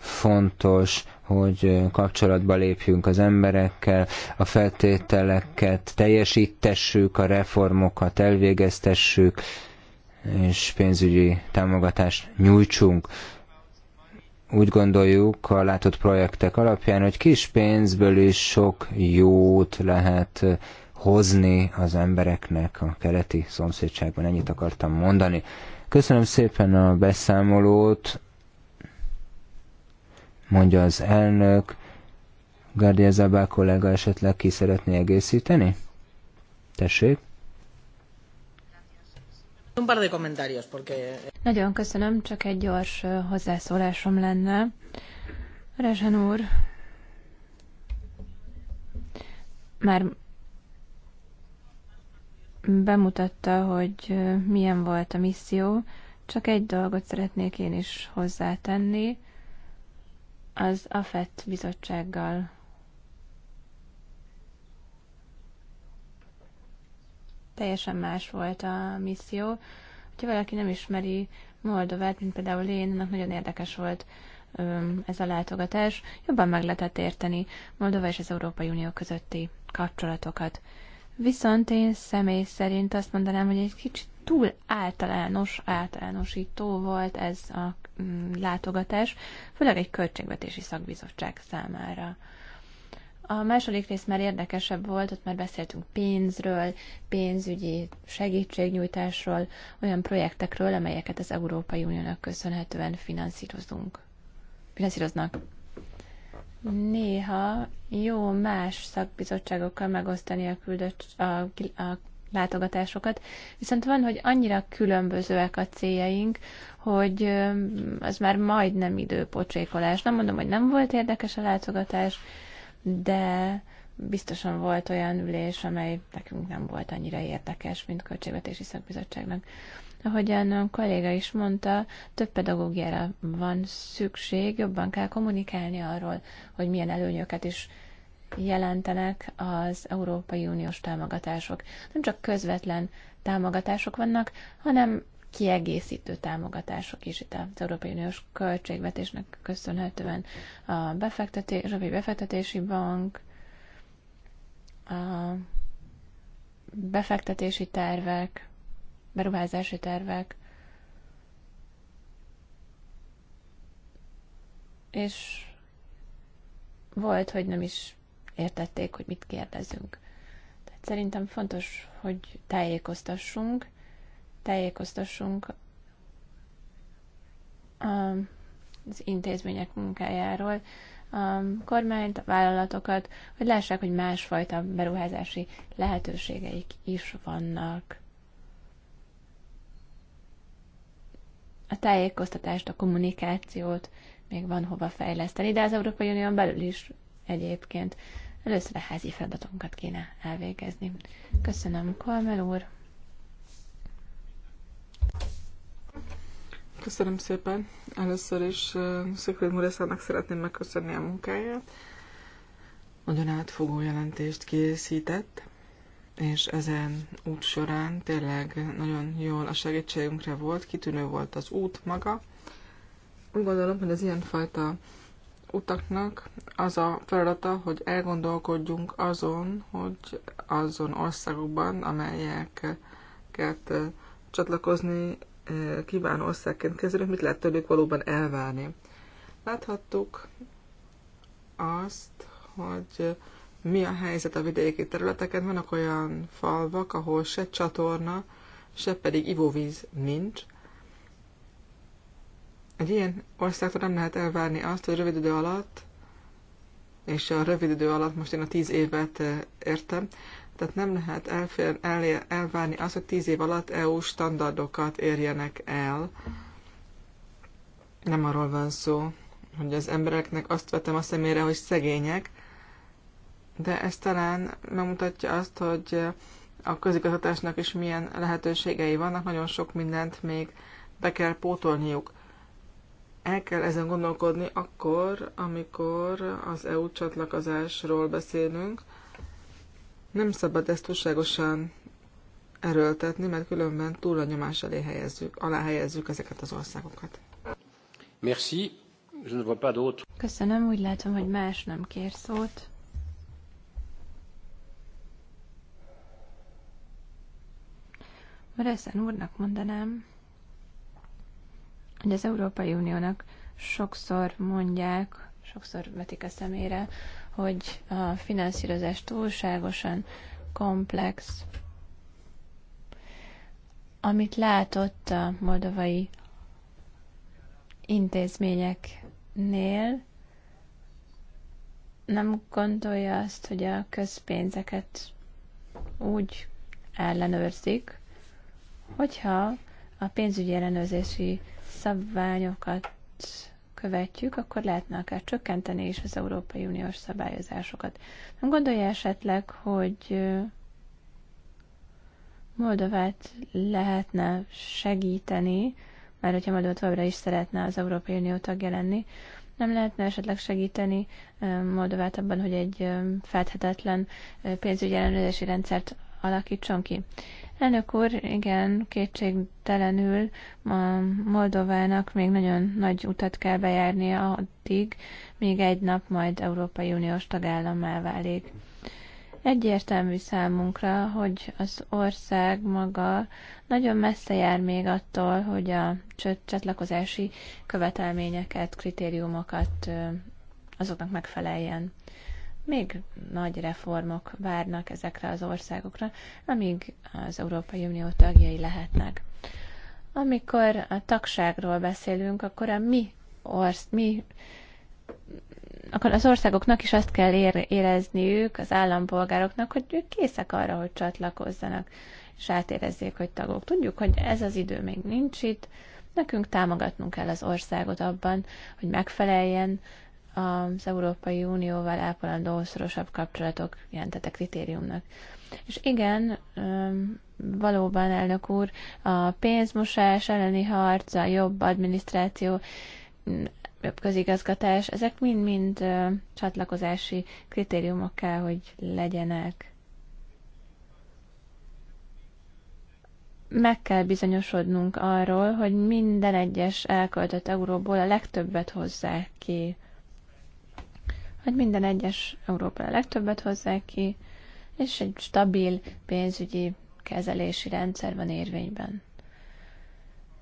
[SPEAKER 1] fontos, hogy kapcsolatba lépjünk az emberekkel, a feltételeket teljesítessük, a reformokat elvégeztessük, és pénzügyi támogatást nyújtsunk. Úgy gondoljuk a látott projektek alapján, hogy kis pénzből is sok jót lehet hozni az embereknek a keleti szomszédságban. Ennyit akartam mondani. Köszönöm szépen a beszámolót mondja az elnök. Gárdia Zabá kollega esetleg ki szeretné egészíteni? Tessék.
[SPEAKER 3] Nagyon köszönöm, csak egy gyors hozzászólásom lenne. Rezsen úr, már bemutatta, hogy milyen volt a misszió, csak egy dolgot szeretnék én is hozzátenni az AFET bizottsággal teljesen más volt a misszió. Ha valaki nem ismeri Moldovát, mint például én, annak nagyon érdekes volt ez a látogatás. Jobban meg lehetett érteni Moldova és az Európai Unió közötti kapcsolatokat. Viszont én személy szerint azt mondanám, hogy egy kicsit túl általános, általánosító volt ez a Mm, látogatás, főleg egy költségvetési szakbizottság számára. A második rész már érdekesebb volt, ott már beszéltünk pénzről, pénzügyi segítségnyújtásról, olyan projektekről, amelyeket az Európai Uniónak köszönhetően finanszírozunk. Finanszíroznak. Néha jó más szakbizottságokkal megosztani a, küldött, a, a látogatásokat, viszont van, hogy annyira különbözőek a céljaink, hogy az már majdnem időpocsékolás. Nem mondom, hogy nem volt érdekes a látogatás, de biztosan volt olyan ülés, amely nekünk nem volt annyira érdekes, mint Költségvetési Szakbizottságnak. Ahogyan a kolléga is mondta, több pedagógiára van szükség, jobban kell kommunikálni arról, hogy milyen előnyöket is jelentenek az Európai Uniós támogatások. Nem csak közvetlen támogatások vannak, hanem kiegészítő támogatások is itt az Európai Uniós költségvetésnek köszönhetően a befektetés, Befektetési Bank, a befektetési tervek, beruházási tervek, és volt, hogy nem is értették, hogy mit kérdezünk. Tehát szerintem fontos, hogy tájékoztassunk, tájékoztassunk um, az intézmények munkájáról, a um, kormányt, a vállalatokat, hogy lássák, hogy másfajta beruházási lehetőségeik is vannak. A tájékoztatást, a kommunikációt még van hova fejleszteni, de az Európai Unión belül is egyébként. Először a házi feladatunkat kéne elvégezni. Köszönöm, Kolmel úr!
[SPEAKER 2] Köszönöm szépen. Először is uh, Szökrőd Mureszának szeretném megköszönni a munkáját. Nagyon átfogó jelentést készített, és ezen út során tényleg nagyon jól a segítségünkre volt, kitűnő volt az út maga. Úgy gondolom, hogy az ilyenfajta utaknak az a feladata, hogy elgondolkodjunk azon, hogy azon országokban, amelyeket csatlakozni kívánó országként kezelünk, mit lehet tőlük valóban elvárni. Láthattuk azt, hogy mi a helyzet a vidéki területeken. Vannak olyan falvak, ahol se csatorna, se pedig ivóvíz nincs, egy ilyen országtól nem lehet elvárni azt, hogy rövid idő alatt, és a rövid idő alatt most én a tíz évet eh, értem, tehát nem lehet elfér, el, elvárni azt, hogy tíz év alatt EU standardokat érjenek el. Nem arról van szó, hogy az embereknek azt vetem a szemére, hogy szegények, de ez talán megmutatja azt, hogy eh, a közigazgatásnak is milyen lehetőségei vannak, nagyon sok mindent még be kell pótolniuk el kell ezen gondolkodni akkor, amikor az EU csatlakozásról beszélünk. Nem szabad ezt túlságosan erőltetni, mert különben túl a nyomás elé helyezzük, alá helyezzük ezeket
[SPEAKER 3] az országokat.
[SPEAKER 1] Merci. Je ne vois pas
[SPEAKER 3] Köszönöm, úgy látom, hogy más nem kér szót. ezen úrnak mondanám, hogy az Európai Uniónak sokszor mondják, sokszor vetik a szemére, hogy a finanszírozás túlságosan komplex. Amit látott a moldovai intézményeknél, nem gondolja azt, hogy a közpénzeket úgy ellenőrzik, hogyha a pénzügyi ellenőrzési szabványokat követjük, akkor lehetne akár csökkenteni is az Európai Uniós szabályozásokat. Nem gondolja esetleg, hogy Moldovát lehetne segíteni, mert hogyha Moldova továbbra is szeretne az Európai Unió tagja lenni, nem lehetne esetleg segíteni Moldovát abban, hogy egy felthetetlen pénzügyi ellenőrzési rendszert alakítson ki. Elnök úr, igen, kétségtelenül a Moldovának még nagyon nagy utat kell bejárnia addig, míg egy nap majd Európai Uniós tagállammá válik. Egyértelmű számunkra, hogy az ország maga nagyon messze jár még attól, hogy a csatlakozási követelményeket, kritériumokat azoknak megfeleljen még nagy reformok várnak ezekre az országokra, amíg az Európai Unió tagjai lehetnek. Amikor a tagságról beszélünk, akkor a mi, orsz, mi akkor az országoknak is azt kell érezniük, az állampolgároknak, hogy ők készek arra, hogy csatlakozzanak, és átérezzék, hogy tagok. Tudjuk, hogy ez az idő még nincs itt, nekünk támogatnunk kell az országot abban, hogy megfeleljen az Európai Unióval ápolandó szorosabb kapcsolatok jelentettek kritériumnak. És igen, valóban, elnök úr, a pénzmosás elleni harc, a jobb adminisztráció, jobb közigazgatás, ezek mind-mind csatlakozási kritériumok kell, hogy legyenek. Meg kell bizonyosodnunk arról, hogy minden egyes elköltött euróból a legtöbbet hozzák ki hogy minden egyes Európa a legtöbbet hozzák ki, és egy stabil pénzügyi kezelési rendszer van érvényben.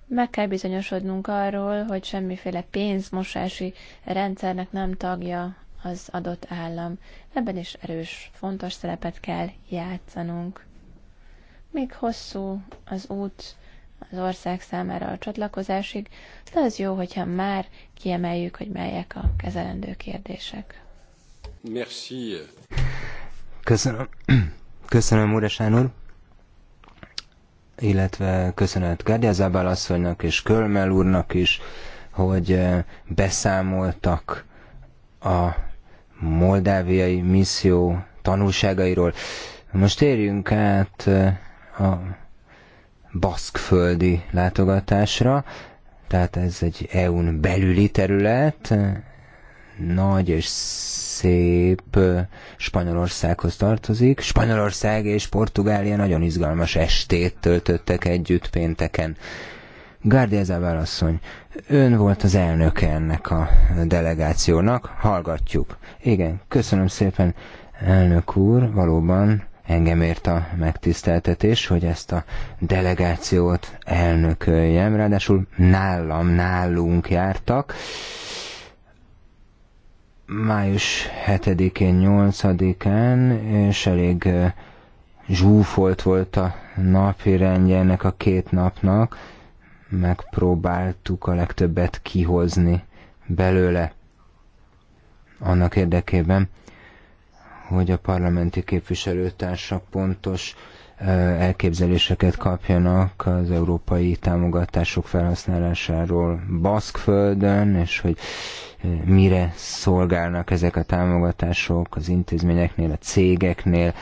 [SPEAKER 3] Meg kell bizonyosodnunk arról, hogy semmiféle pénzmosási rendszernek nem tagja az adott állam. Ebben is erős, fontos szerepet kell játszanunk. Még hosszú az út az ország számára a csatlakozásig, de az jó, hogyha már kiemeljük, hogy melyek a kezelendő kérdések.
[SPEAKER 1] Köszönöm. *clears throat* Köszönöm, Uresán úr. Illetve köszönet Gárdia Zábál asszonynak és Kölmel úrnak is, hogy eh, beszámoltak a moldáviai misszió tanulságairól. Most térjünk át eh, a baszkföldi látogatásra, tehát ez egy EU-n belüli terület, nagy és szép Spanyolországhoz tartozik. Spanyolország és Portugália nagyon izgalmas estét töltöttek együtt pénteken. Gárdia Zabál asszony, ön volt az elnöke ennek a delegációnak, hallgatjuk. Igen, köszönöm szépen, elnök úr, valóban engem ért a megtiszteltetés, hogy ezt a delegációt elnököljem, ráadásul nálam, nálunk jártak május 7-én, 8-án, és elég zsúfolt volt a napi rendje ennek a két napnak, megpróbáltuk a legtöbbet kihozni belőle annak érdekében, hogy a parlamenti képviselőtársak pontos elképzeléseket kapjanak az európai támogatások felhasználásáról Baszkföldön, és hogy mire szolgálnak ezek a támogatások az intézményeknél, a cégeknél,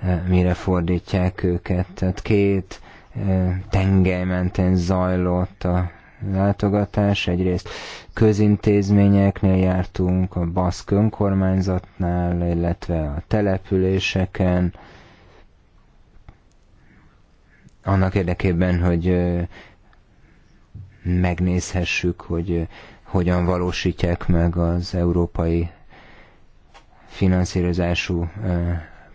[SPEAKER 1] e, mire fordítják őket. Tehát két e, tengely mentén zajlott a látogatás. Egyrészt közintézményeknél jártunk, a Baszk önkormányzatnál, illetve a településeken, annak érdekében, hogy e, megnézhessük, hogy hogyan valósítják meg az európai finanszírozású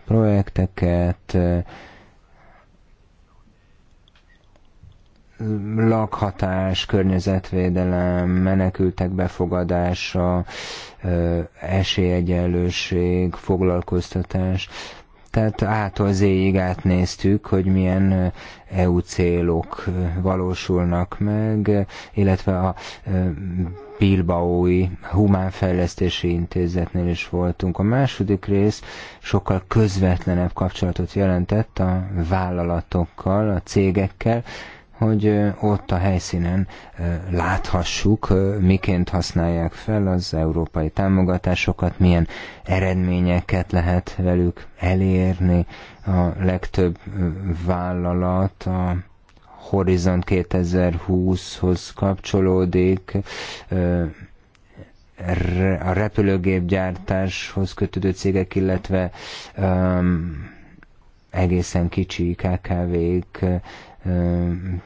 [SPEAKER 1] projekteket, lakhatás, környezetvédelem, menekültek befogadása, esélyegyenlőség, foglalkoztatás. Tehát ától zéig átnéztük, hogy milyen EU célok valósulnak meg, illetve a Bilbaói Humánfejlesztési Intézetnél is voltunk. A második rész sokkal közvetlenebb kapcsolatot jelentett a vállalatokkal, a cégekkel, hogy ott a helyszínen láthassuk, miként használják fel az európai támogatásokat, milyen eredményeket lehet velük elérni. A legtöbb vállalat a Horizont 2020-hoz kapcsolódik, a repülőgép gyártáshoz kötődő cégek, illetve um, egészen kicsi KKV-k um,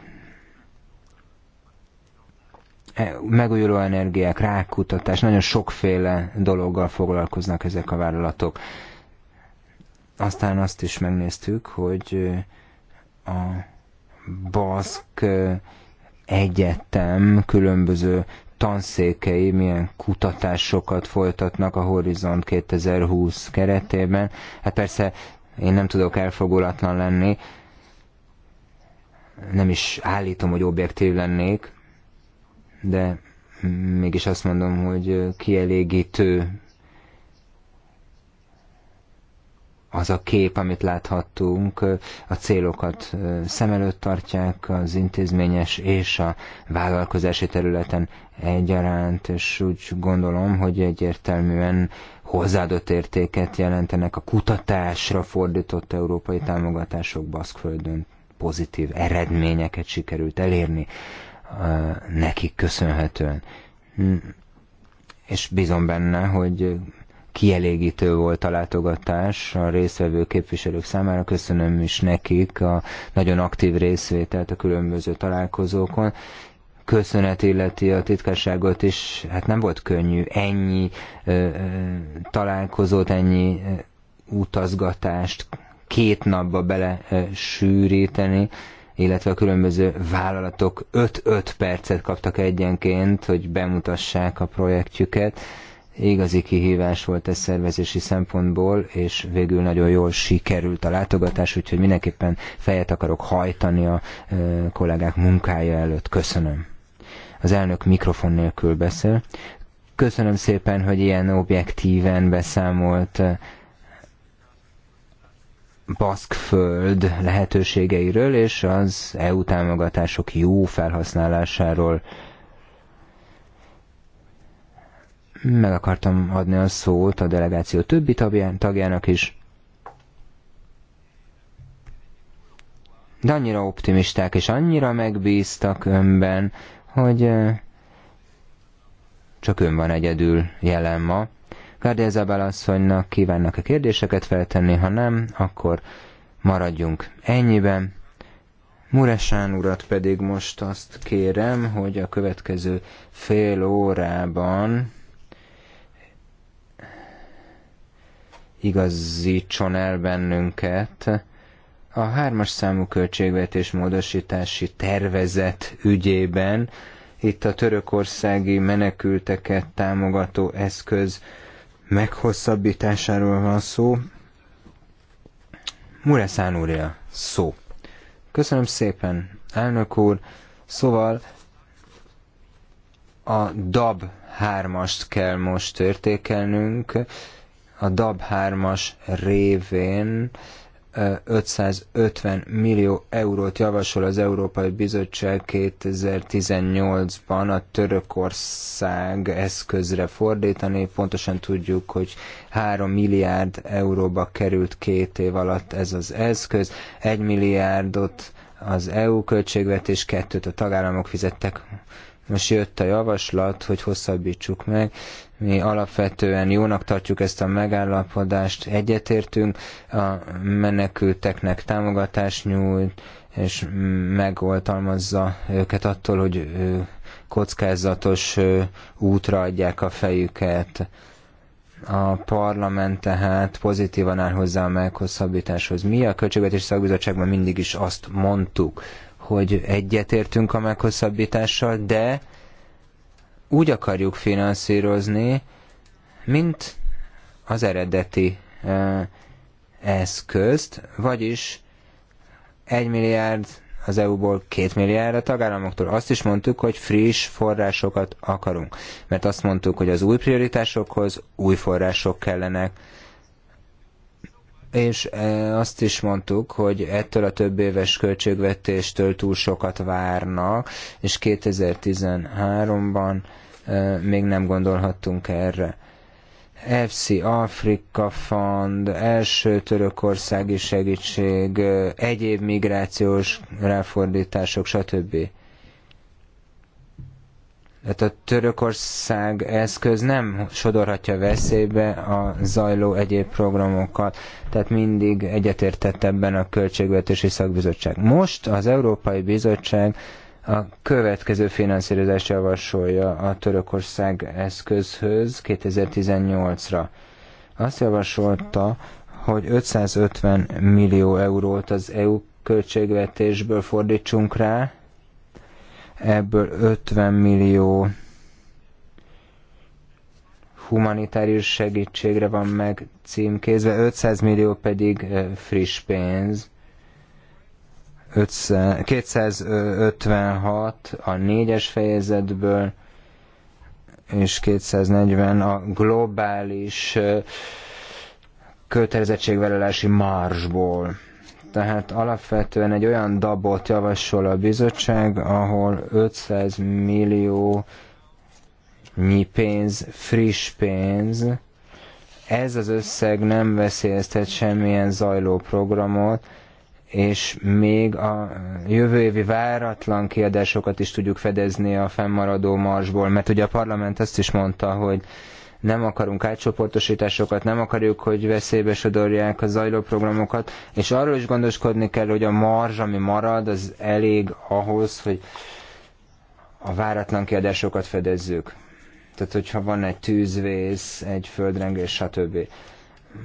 [SPEAKER 1] e, megújuló energiák, rákutatás, nagyon sokféle dologgal foglalkoznak ezek a vállalatok. Aztán azt is megnéztük, hogy a baszk egyetem különböző tanszékei milyen kutatásokat folytatnak a Horizont 2020 keretében. Hát persze én nem tudok elfogulatlan lenni, nem is állítom, hogy objektív lennék, de mégis azt mondom, hogy kielégítő az a kép, amit láthattunk, a célokat szem előtt tartják az intézményes és a vállalkozási területen egyaránt, és úgy gondolom, hogy egyértelműen hozzáadott értéket jelentenek a kutatásra fordított európai támogatások Baszkföldön pozitív eredményeket sikerült elérni nekik köszönhetően. Hm, és bízom benne, hogy kielégítő volt a látogatás a részvevő képviselők számára. Köszönöm is nekik a nagyon aktív részvételt a különböző találkozókon. Köszönet illeti a titkárságot is, hát nem volt könnyű ennyi ö, ö, találkozót, ennyi ö, utazgatást két napba bele ö, sűríteni illetve a különböző vállalatok 5-5 percet kaptak egyenként, hogy bemutassák a projektjüket. Igazi kihívás volt ez szervezési szempontból, és végül nagyon jól sikerült a látogatás, úgyhogy mindenképpen fejet akarok hajtani a kollégák munkája előtt. Köszönöm. Az elnök mikrofon nélkül beszél. Köszönöm szépen, hogy ilyen objektíven beszámolt Baszkföld lehetőségeiről és az EU támogatások jó felhasználásáról Meg akartam adni a szót a delegáció többi tagjának is. De annyira optimisták és annyira megbíztak önben, hogy csak ön van egyedül jelen ma. Gárdi Ezabel asszonynak kívánnak-e kérdéseket feltenni, ha nem, akkor maradjunk ennyiben. Muresán urat pedig most azt kérem, hogy a következő fél órában igazítson el bennünket a hármas számú költségvetés módosítási tervezet ügyében. Itt a törökországi menekülteket támogató eszköz meghosszabbításáról van szó. Mureszán úrja, szó. Köszönöm szépen, elnök úr. Szóval a DAB 3-ast kell most értékelnünk a DAB 3-as révén 550 millió eurót javasol az Európai Bizottság 2018-ban a Törökország eszközre fordítani. Pontosan tudjuk, hogy 3 milliárd euróba került két év alatt ez az eszköz. 1 milliárdot az EU költségvetés, kettőt a tagállamok fizettek. Most jött a javaslat, hogy hosszabbítsuk meg, mi alapvetően jónak tartjuk ezt a megállapodást, egyetértünk, a menekülteknek támogatás nyújt, és megoltalmazza őket attól, hogy kockázatos útra adják a fejüket. A parlament tehát pozitívan áll hozzá a meghosszabbításhoz. Mi a Költségvetési Szakbizottságban mindig is azt mondtuk, hogy egyetértünk a meghosszabbítással, de úgy akarjuk finanszírozni, mint az eredeti eszközt, vagyis 1 milliárd az EU-ból 2 milliárd a tagállamoktól. Azt is mondtuk, hogy friss forrásokat akarunk, mert azt mondtuk, hogy az új prioritásokhoz új források kellenek. És azt is mondtuk, hogy ettől a több éves költségvetéstől túl sokat várnak, és 2013-ban még nem gondolhattunk erre. FC Afrika Fund, első törökországi segítség, egyéb migrációs ráfordítások, stb. Tehát a Törökország eszköz nem sodorhatja veszélybe a zajló egyéb programokat, tehát mindig egyetértett ebben a Költségvetési Szakbizottság. Most az Európai Bizottság a következő finanszírozást javasolja a Törökország eszközhöz 2018-ra. Azt javasolta, hogy 550 millió eurót az EU költségvetésből fordítsunk rá, ebből 50 millió humanitárius segítségre van meg címkézve, 500 millió pedig friss pénz. 500, 256 a négyes fejezetből, és 240 a globális kötelezettségvállalási marsból. Tehát alapvetően egy olyan dabot javasol a bizottság, ahol 500 millió nyi pénz, friss pénz, ez az összeg nem veszélyeztet semmilyen zajló programot, és még a jövő évi váratlan kiadásokat is tudjuk fedezni a fennmaradó marsból, mert ugye a parlament azt is mondta, hogy nem akarunk átcsoportosításokat, nem akarjuk, hogy veszélybe sodorják a zajló programokat, és arról is gondoskodni kell, hogy a marzs, ami marad, az elég ahhoz, hogy a váratlan kiadásokat fedezzük. Tehát, hogyha van egy tűzvész, egy földrengés, stb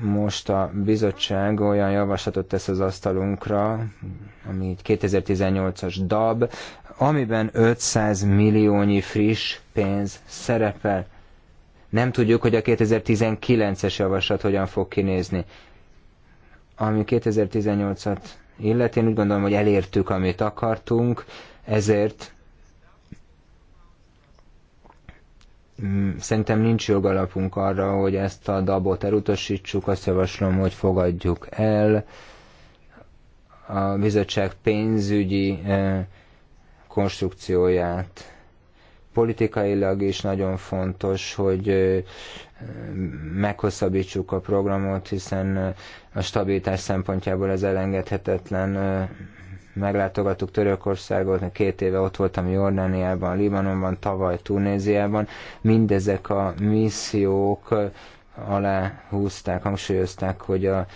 [SPEAKER 1] most a bizottság olyan javaslatot tesz az asztalunkra, ami egy 2018-as DAB, amiben 500 milliónyi friss pénz szerepel. Nem tudjuk, hogy a 2019-es javaslat hogyan fog kinézni. Ami 2018-at illeti, én úgy gondolom, hogy elértük, amit akartunk, ezért Mm, szerintem nincs jogalapunk arra, hogy ezt a dabot elutasítsuk, azt javaslom, hogy fogadjuk el. A bizottság pénzügyi eh, konstrukcióját politikailag is nagyon fontos, hogy eh, meghosszabbítsuk a programot, hiszen eh, a stabilitás szempontjából ez elengedhetetlen meglátogattuk Törökországot, két éve ott voltam Jordániában, Libanonban, tavaly Tunéziában. Mindezek a missziók alá húzták, hangsúlyozták, hogy a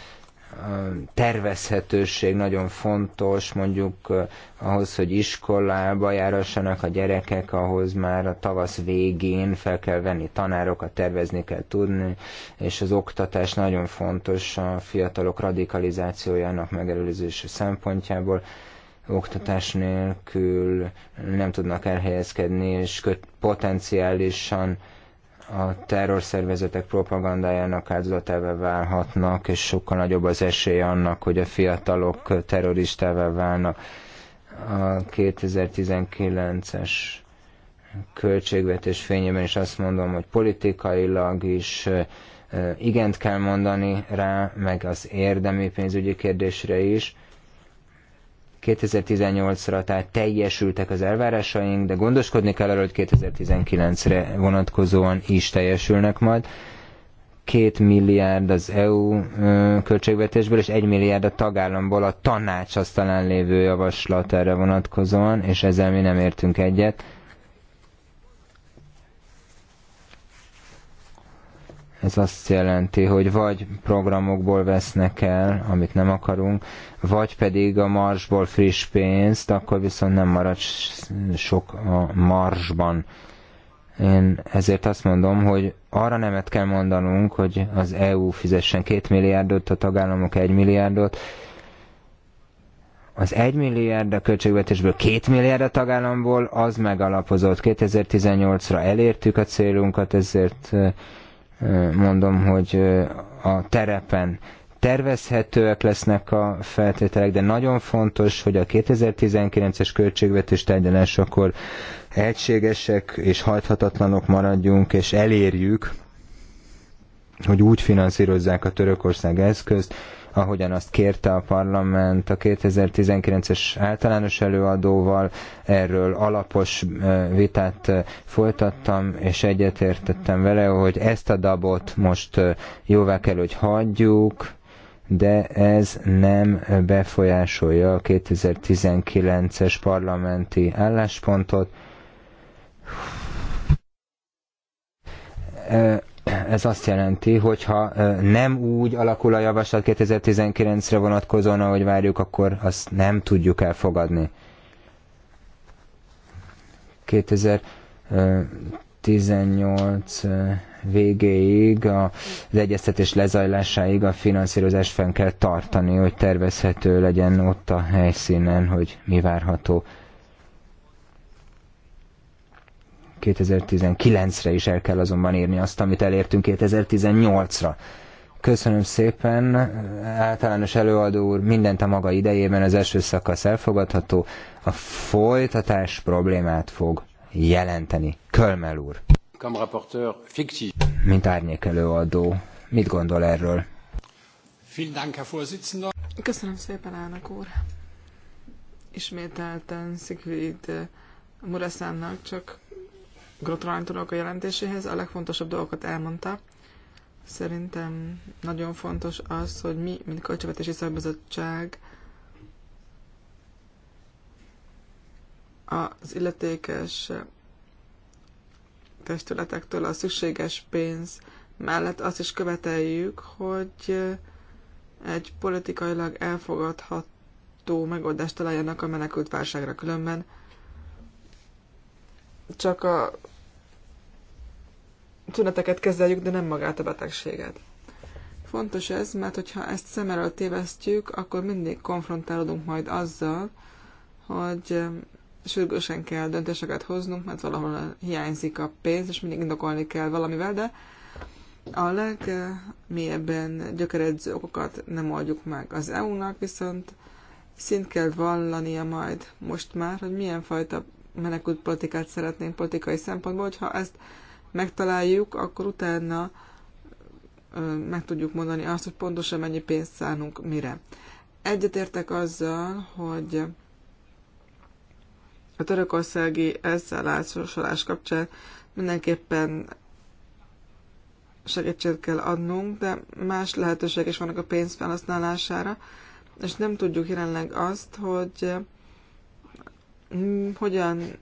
[SPEAKER 1] tervezhetőség nagyon fontos, mondjuk ahhoz, hogy iskolába járassanak a gyerekek, ahhoz már a tavasz végén fel kell venni tanárokat, tervezni kell tudni, és az oktatás nagyon fontos a fiatalok radikalizációjának megelőzése szempontjából oktatás nélkül nem tudnak elhelyezkedni, és köt, potenciálisan a terrorszervezetek propagandájának áldozatává válhatnak, és sokkal nagyobb az esély annak, hogy a fiatalok terroristává válnak. A 2019-es költségvetés fényében is azt mondom, hogy politikailag is igent kell mondani rá, meg az érdemi pénzügyi kérdésre is, 2018-ra tehát teljesültek az elvárásaink, de gondoskodni kell arról, hogy 2019-re vonatkozóan is teljesülnek majd. Két milliárd az EU költségvetésből, és egy milliárd a tagállamból a tanács asztalán lévő javaslat erre vonatkozóan, és ezzel mi nem értünk egyet Ez azt jelenti, hogy vagy programokból vesznek el, amit nem akarunk, vagy pedig a marsból friss pénzt, akkor viszont nem marad sok a marsban. Én ezért azt mondom, hogy arra nemet kell mondanunk, hogy az EU fizessen két milliárdot, a tagállamok egy milliárdot. Az egy milliárd a költségvetésből két milliárd a tagállamból, az megalapozott. 2018-ra elértük a célunkat, ezért mondom, hogy a terepen tervezhetőek lesznek a feltételek, de nagyon fontos, hogy a 2019-es költségvetés tárgyalásakor egységesek és hajthatatlanok maradjunk, és elérjük, hogy úgy finanszírozzák a Törökország eszközt, ahogyan azt kérte a parlament a 2019-es általános előadóval, erről alapos vitát folytattam, és egyetértettem vele, hogy ezt a dabot most jóvá kell, hogy hagyjuk, de ez nem befolyásolja a 2019-es parlamenti álláspontot ez azt jelenti, hogy ha nem úgy alakul a javaslat 2019-re vonatkozóan, ahogy várjuk, akkor azt nem tudjuk elfogadni. 2018 végéig, az egyeztetés lezajlásáig a finanszírozást fenn kell tartani, hogy tervezhető legyen ott a helyszínen, hogy mi várható 2019-re is el kell azonban érni azt, amit elértünk 2018-ra. Köszönöm szépen, általános előadó úr, mindent a maga idejében az első szakasz elfogadható, a folytatás problémát fog jelenteni. Kölmel úr. Mint árnyék előadó, mit gondol erről?
[SPEAKER 2] Köszönöm szépen, elnök úr. Ismételten Szigrid Muraszánnak csak Gratulálni a jelentéséhez, a legfontosabb dolgokat elmondta. Szerintem nagyon fontos az, hogy mi, mint Költségvetési Szakbizottság, az illetékes testületektől a szükséges pénz mellett azt is követeljük, hogy egy politikailag elfogadható megoldást találjanak a menekült válságra. Különben csak a tüneteket kezeljük, de nem magát a betegséget. Fontos ez, mert hogyha ezt szem előtt tévesztjük, akkor mindig konfrontálódunk majd azzal, hogy sürgősen kell döntéseket hoznunk, mert valahol hiányzik a pénz, és mindig indokolni kell valamivel, de a legmélyebben gyökeredző okokat nem oldjuk meg. Az EU-nak viszont szint kell vallania majd most már, hogy milyen fajta menekült politikát szeretnénk politikai szempontból, hogyha ezt megtaláljuk, akkor utána meg tudjuk mondani azt, hogy pontosan mennyi pénzt szánunk mire. Egyetértek azzal, hogy a törökországi elszállásolás kapcsán mindenképpen segítséget kell adnunk, de más lehetőség is vannak a pénz felhasználására, és nem tudjuk jelenleg azt, hogy mm, hogyan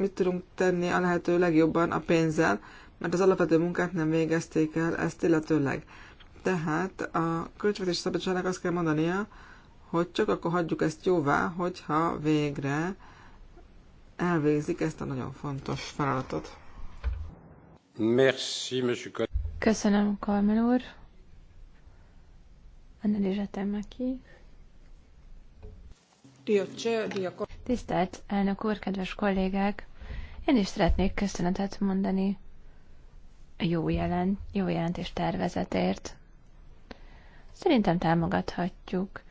[SPEAKER 2] mit tudunk tenni a lehető legjobban a pénzzel, mert az alapvető munkát nem végezték el ezt illetőleg. Tehát a költségvetési szabadságnak azt kell mondania, hogy csak akkor hagyjuk ezt jóvá, hogyha végre elvégzik ezt a nagyon fontos
[SPEAKER 3] feladatot.
[SPEAKER 1] Merci, monsieur.
[SPEAKER 3] Köszönöm, Kalmen úr. Annelizsetem neki. Tisztelt elnök úr, kedves kollégák! Én is szeretnék köszönetet mondani a jó, jelen, jó jelentés tervezetért. Szerintem támogathatjuk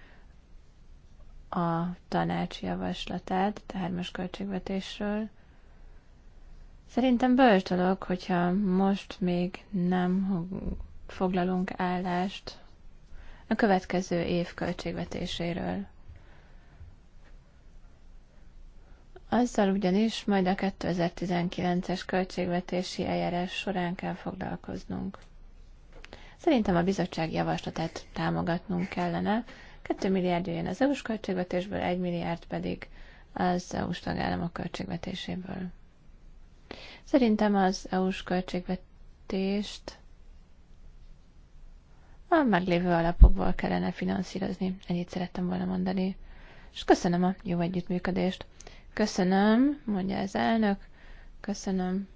[SPEAKER 3] a tanács javaslatát a hármas költségvetésről. Szerintem bölcs dolog, hogyha most még nem foglalunk állást a következő év költségvetéséről. Azzal ugyanis majd a 2019-es költségvetési eljárás során kell foglalkoznunk. Szerintem a bizottság javaslatát támogatnunk kellene. 2 milliárd jön az EU-s költségvetésből, 1 milliárd pedig az EU-s tagállamok költségvetéséből. Szerintem az EU-s költségvetést a meglévő alapokból kellene finanszírozni. Ennyit szerettem volna mondani. És köszönöm a jó együttműködést. Köszönöm, mondja az elnök. Köszönöm.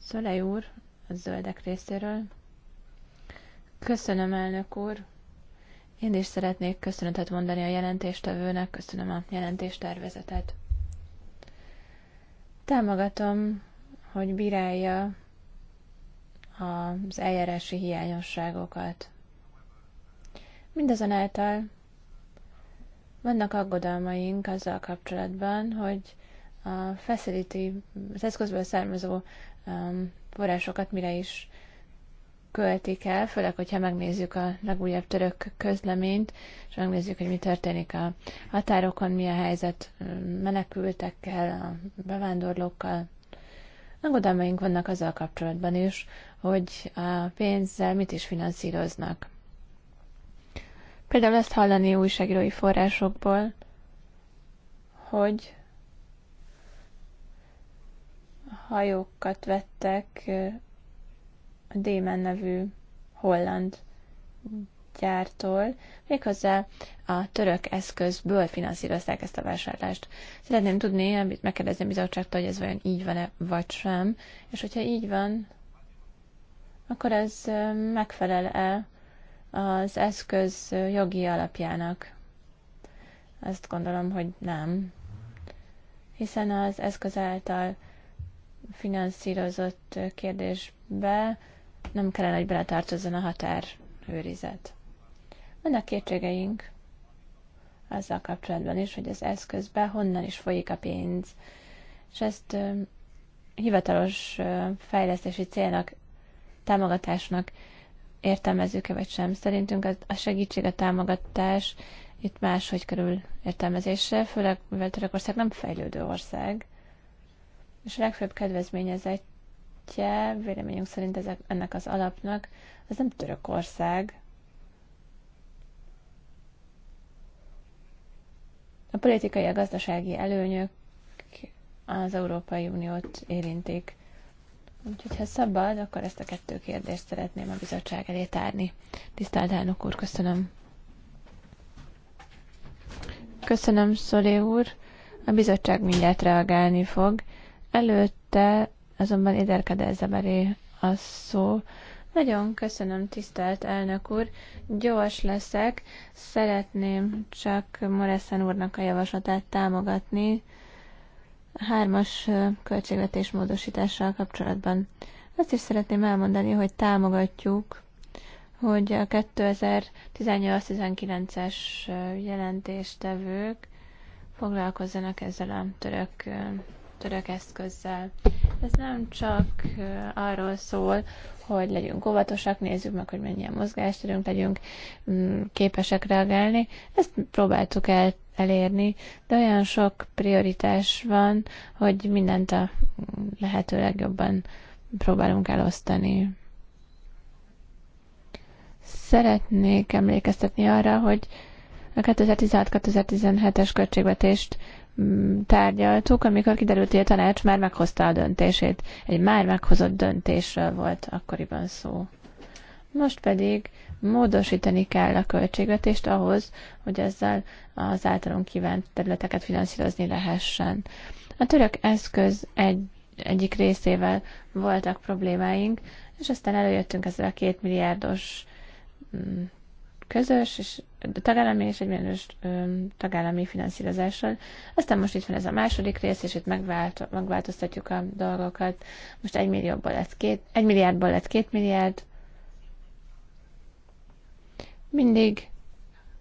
[SPEAKER 3] Szolej úr, a zöldek részéről. Köszönöm, elnök úr. Én is szeretnék köszönetet mondani a jelentéstevőnek, köszönöm a jelentéstervezetet. Támogatom, hogy bírálja az eljárási hiányosságokat. Mindazonáltal vannak aggodalmaink azzal kapcsolatban, hogy a facility, az eszközből származó um, forrásokat mire is költik el, főleg, hogyha megnézzük a legújabb török közleményt, és megnézzük, hogy mi történik a határokon, mi a helyzet um, menekültekkel, a bevándorlókkal. Aggodalmaink vannak azzal kapcsolatban is, hogy a pénzzel mit is finanszíroznak. Például azt hallani újságírói forrásokból, hogy hajókat vettek a Démen nevű holland gyártól, méghozzá a török eszközből finanszírozták ezt a vásárlást. Szeretném tudni, megkérdezni a bizottságtól, hogy ez vajon így van-e, vagy sem, és hogyha így van, akkor ez megfelel-e az eszköz jogi alapjának? Azt gondolom, hogy nem. Hiszen az eszköz által finanszírozott kérdésbe nem kellene, hogy beletartozzon a határőrizet. Vannak kétségeink azzal kapcsolatban is, hogy az eszközbe honnan is folyik a pénz. És ezt hivatalos fejlesztési célnak, támogatásnak értelmezzük-e vagy sem. Szerintünk a segítség, a támogatás itt máshogy kerül értelmezésre, főleg mivel Törökország nem fejlődő ország, és a legfőbb kedvezményezettje, véleményünk szerint ezek, ennek az alapnak, az nem Törökország. A politikai, a gazdasági előnyök az Európai Uniót érintik. Úgyhogy, ha szabad, akkor ezt a kettő kérdést szeretném a bizottság elé tárni. Tisztelt elnök úr, köszönöm. Köszönöm, Szolé úr. A bizottság mindjárt reagálni fog. Előtte azonban Iderkede Zeberé a szó. Nagyon köszönöm, tisztelt elnök úr. Gyors leszek. Szeretném csak Moreszen úrnak a javaslatát támogatni hármas költségvetés módosítással kapcsolatban. Azt is szeretném elmondani, hogy támogatjuk, hogy a 2018-19-es jelentéstevők foglalkozzanak ezzel a török, török eszközzel. Ez nem csak arról szól, hogy legyünk óvatosak, nézzük meg, hogy mennyien mozgásterünk legyünk, képesek reagálni. Ezt próbáltuk el elérni, de olyan sok prioritás van, hogy mindent a lehető legjobban próbálunk elosztani. Szeretnék emlékeztetni arra, hogy a 2016-2017-es költségvetést mm, tárgyaltuk, amikor kiderült, hogy a tanács már meghozta a döntését. Egy már meghozott döntésről volt akkoriban szó. Most pedig módosítani kell a költségvetést ahhoz, hogy ezzel az általunk kívánt területeket finanszírozni lehessen. A török eszköz egy, egyik részével voltak problémáink, és aztán előjöttünk ezzel a két milliárdos mm, közös és tagállami és egy bizonyos mm, tagállami finanszírozással. Aztán most itt van ez a második rész, és itt megvált, megváltoztatjuk a dolgokat. Most egy millióból lett két, egy milliárdból lett két milliárd, mindig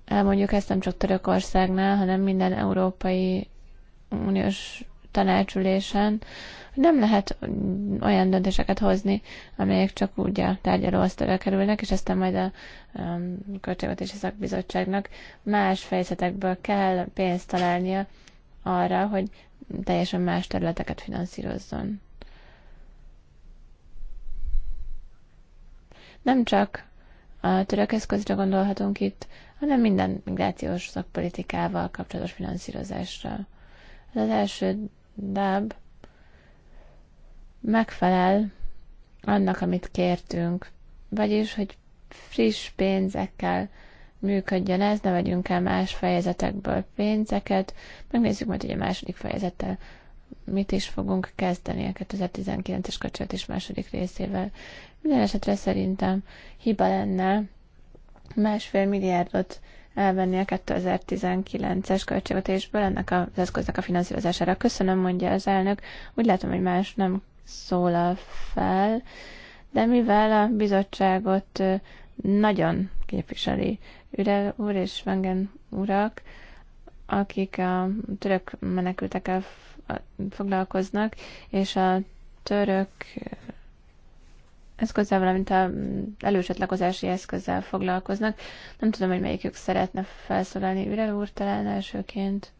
[SPEAKER 3] elmondjuk ezt nem csak Törökországnál, hanem minden európai uniós tanácsülésen, nem lehet olyan döntéseket hozni, amelyek csak úgy a tárgyalóasztalra kerülnek, és aztán majd a um, Költségvetési Szakbizottságnak más fejezetekből kell pénzt találnia arra, hogy teljesen más területeket finanszírozzon. Nem csak a török eszközre gondolhatunk itt, hanem minden migrációs szakpolitikával kapcsolatos finanszírozásra. Ez az első DAB megfelel annak, amit kértünk, vagyis, hogy friss pénzekkel működjön ez, ne vegyünk el más fejezetekből pénzeket, megnézzük majd, hogy a második fejezettel mit is fogunk kezdeni a 2019-es költségvetés második részével. Minden esetre szerintem hiba lenne másfél milliárdot elvenni a 2019-es költségvetésből ennek az eszköznek a finanszírozására. Köszönöm, mondja az elnök. Úgy látom, hogy más nem szólal fel, de mivel a bizottságot nagyon képviseli Üre úr és Vengen urak, akik a török menekültekkel foglalkoznak, és a török eszközzel, valamint a előcsatlakozási eszközzel foglalkoznak. Nem tudom, hogy melyikük szeretne felszólalni. Ürel úr talán elsőként.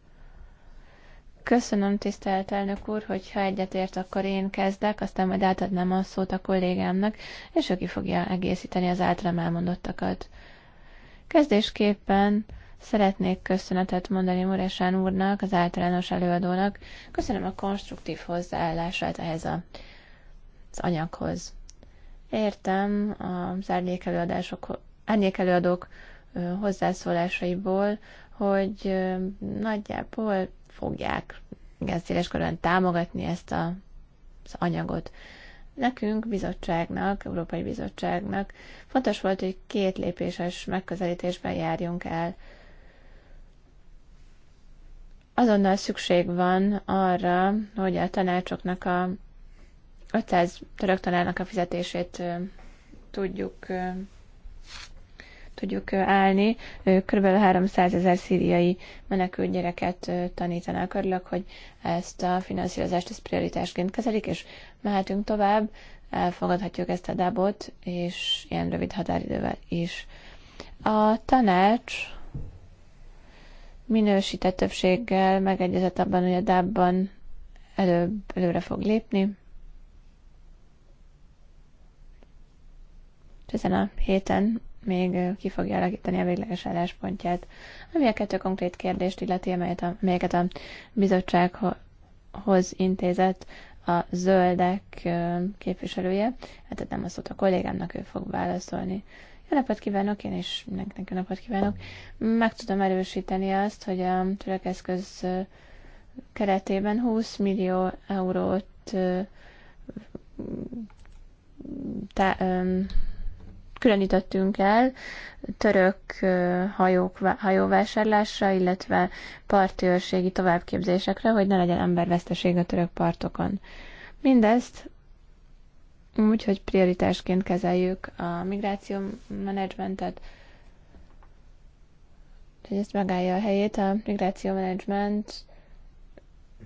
[SPEAKER 3] Köszönöm, tisztelt elnök úr, hogy ha egyetért, akkor én kezdek, aztán majd átadnám a szót a kollégámnak, és ő ki fogja egészíteni az általam elmondottakat. Kezdésképpen Szeretnék köszönetet mondani Moresán úrnak, az általános előadónak. Köszönöm a konstruktív hozzáállását ehhez a, az anyaghoz. Értem az árnyékelőadások, árnyékelőadók hozzászólásaiból, hogy nagyjából fogják igen széles támogatni ezt a, az anyagot. Nekünk, bizottságnak, Európai Bizottságnak fontos volt, hogy két lépéses megközelítésben járjunk el azonnal szükség van arra, hogy a tanácsoknak a 500 török tanárnak a fizetését tudjuk tudjuk állni. Kb. 300 ezer szíriai menekült gyereket tanítanak. Örülök, hogy ezt a finanszírozást ezt prioritásként kezelik, és mehetünk tovább, elfogadhatjuk ezt a dabot, és ilyen rövid határidővel is. A tanács minősített többséggel megegyezett abban, hogy a dábban előbb, előre fog lépni. Ezen a héten még ki fogja alakítani a végleges álláspontját, ami a kettő konkrét kérdést illeti, amelyet a, amelyeket a bizottsághoz intézett a zöldek képviselője. Hát, hát nem azt a kollégámnak, ő fog válaszolni. Jó napot kívánok, én is nektek jó napot kívánok. Meg tudom erősíteni azt, hogy a törökeszköz keretében 20 millió eurót tá, különítettünk el török hajók, hajóvásárlásra, illetve parti őrségi továbbképzésekre, hogy ne legyen emberveszteség a török partokon. Mindezt úgy, hogy prioritásként kezeljük a migráció menedzsmentet, hogy ezt megállja a helyét, a migráció menedzsment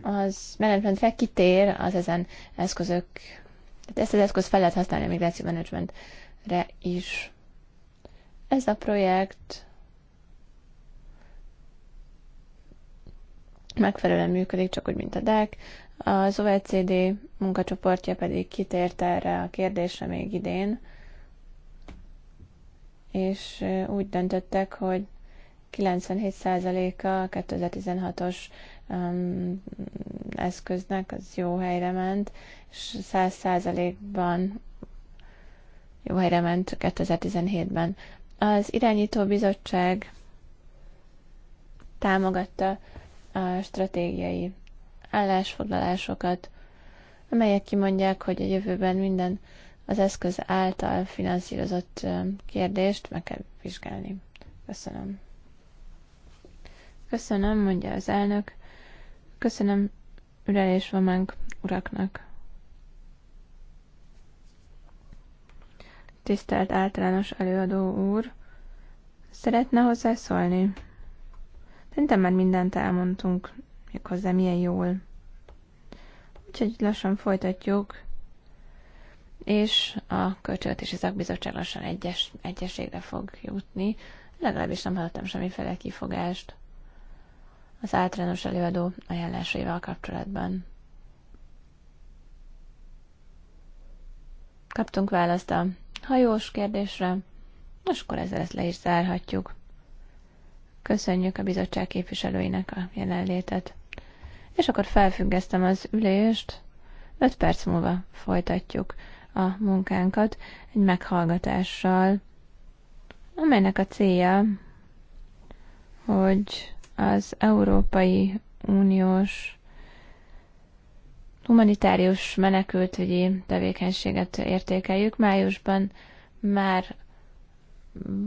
[SPEAKER 3] az menedzsmentre kitér az ezen eszközök, tehát ezt az eszköz fel lehet használni a migráció menedzsmentre is. Ez a projekt megfelelően működik, csak úgy, mint a DEC. Az OECD munkacsoportja pedig kitért erre a kérdésre még idén, és úgy döntöttek, hogy 97%-a a 2016-os um, eszköznek az jó helyre ment, és 100%-ban jó helyre ment 2017-ben. Az irányító bizottság támogatta a stratégiai állásfoglalásokat, amelyek kimondják, hogy a jövőben minden az eszköz által finanszírozott kérdést meg kell vizsgálni. Köszönöm. Köszönöm, mondja az elnök. Köszönöm ürelés meg uraknak. Tisztelt általános előadó úr, szeretne hozzászólni? Szerintem már mindent elmondtunk, méghozzá milyen jól. Úgyhogy lassan folytatjuk, és a Költségvetési Szakbizottság lassan egyes, egyességre fog jutni. Legalábbis nem hallottam semmiféle kifogást az általános előadó ajánlásaival kapcsolatban. Kaptunk választ a hajós kérdésre, most akkor ezzel ezt le is zárhatjuk. Köszönjük a bizottság képviselőinek a jelenlétet és akkor felfüggesztem az ülést. Öt perc múlva folytatjuk a munkánkat egy meghallgatással, amelynek a célja, hogy az Európai Uniós humanitárius menekültügyi tevékenységet értékeljük. Májusban már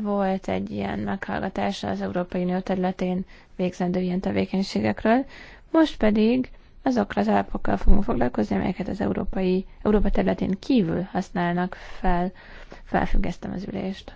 [SPEAKER 3] volt egy ilyen meghallgatás az Európai Unió területén végzendő ilyen tevékenységekről. Most pedig azokra az alapokkal fogunk foglalkozni, amelyeket az európai, Európa területén kívül használnak fel. Felfüggesztem az ülést.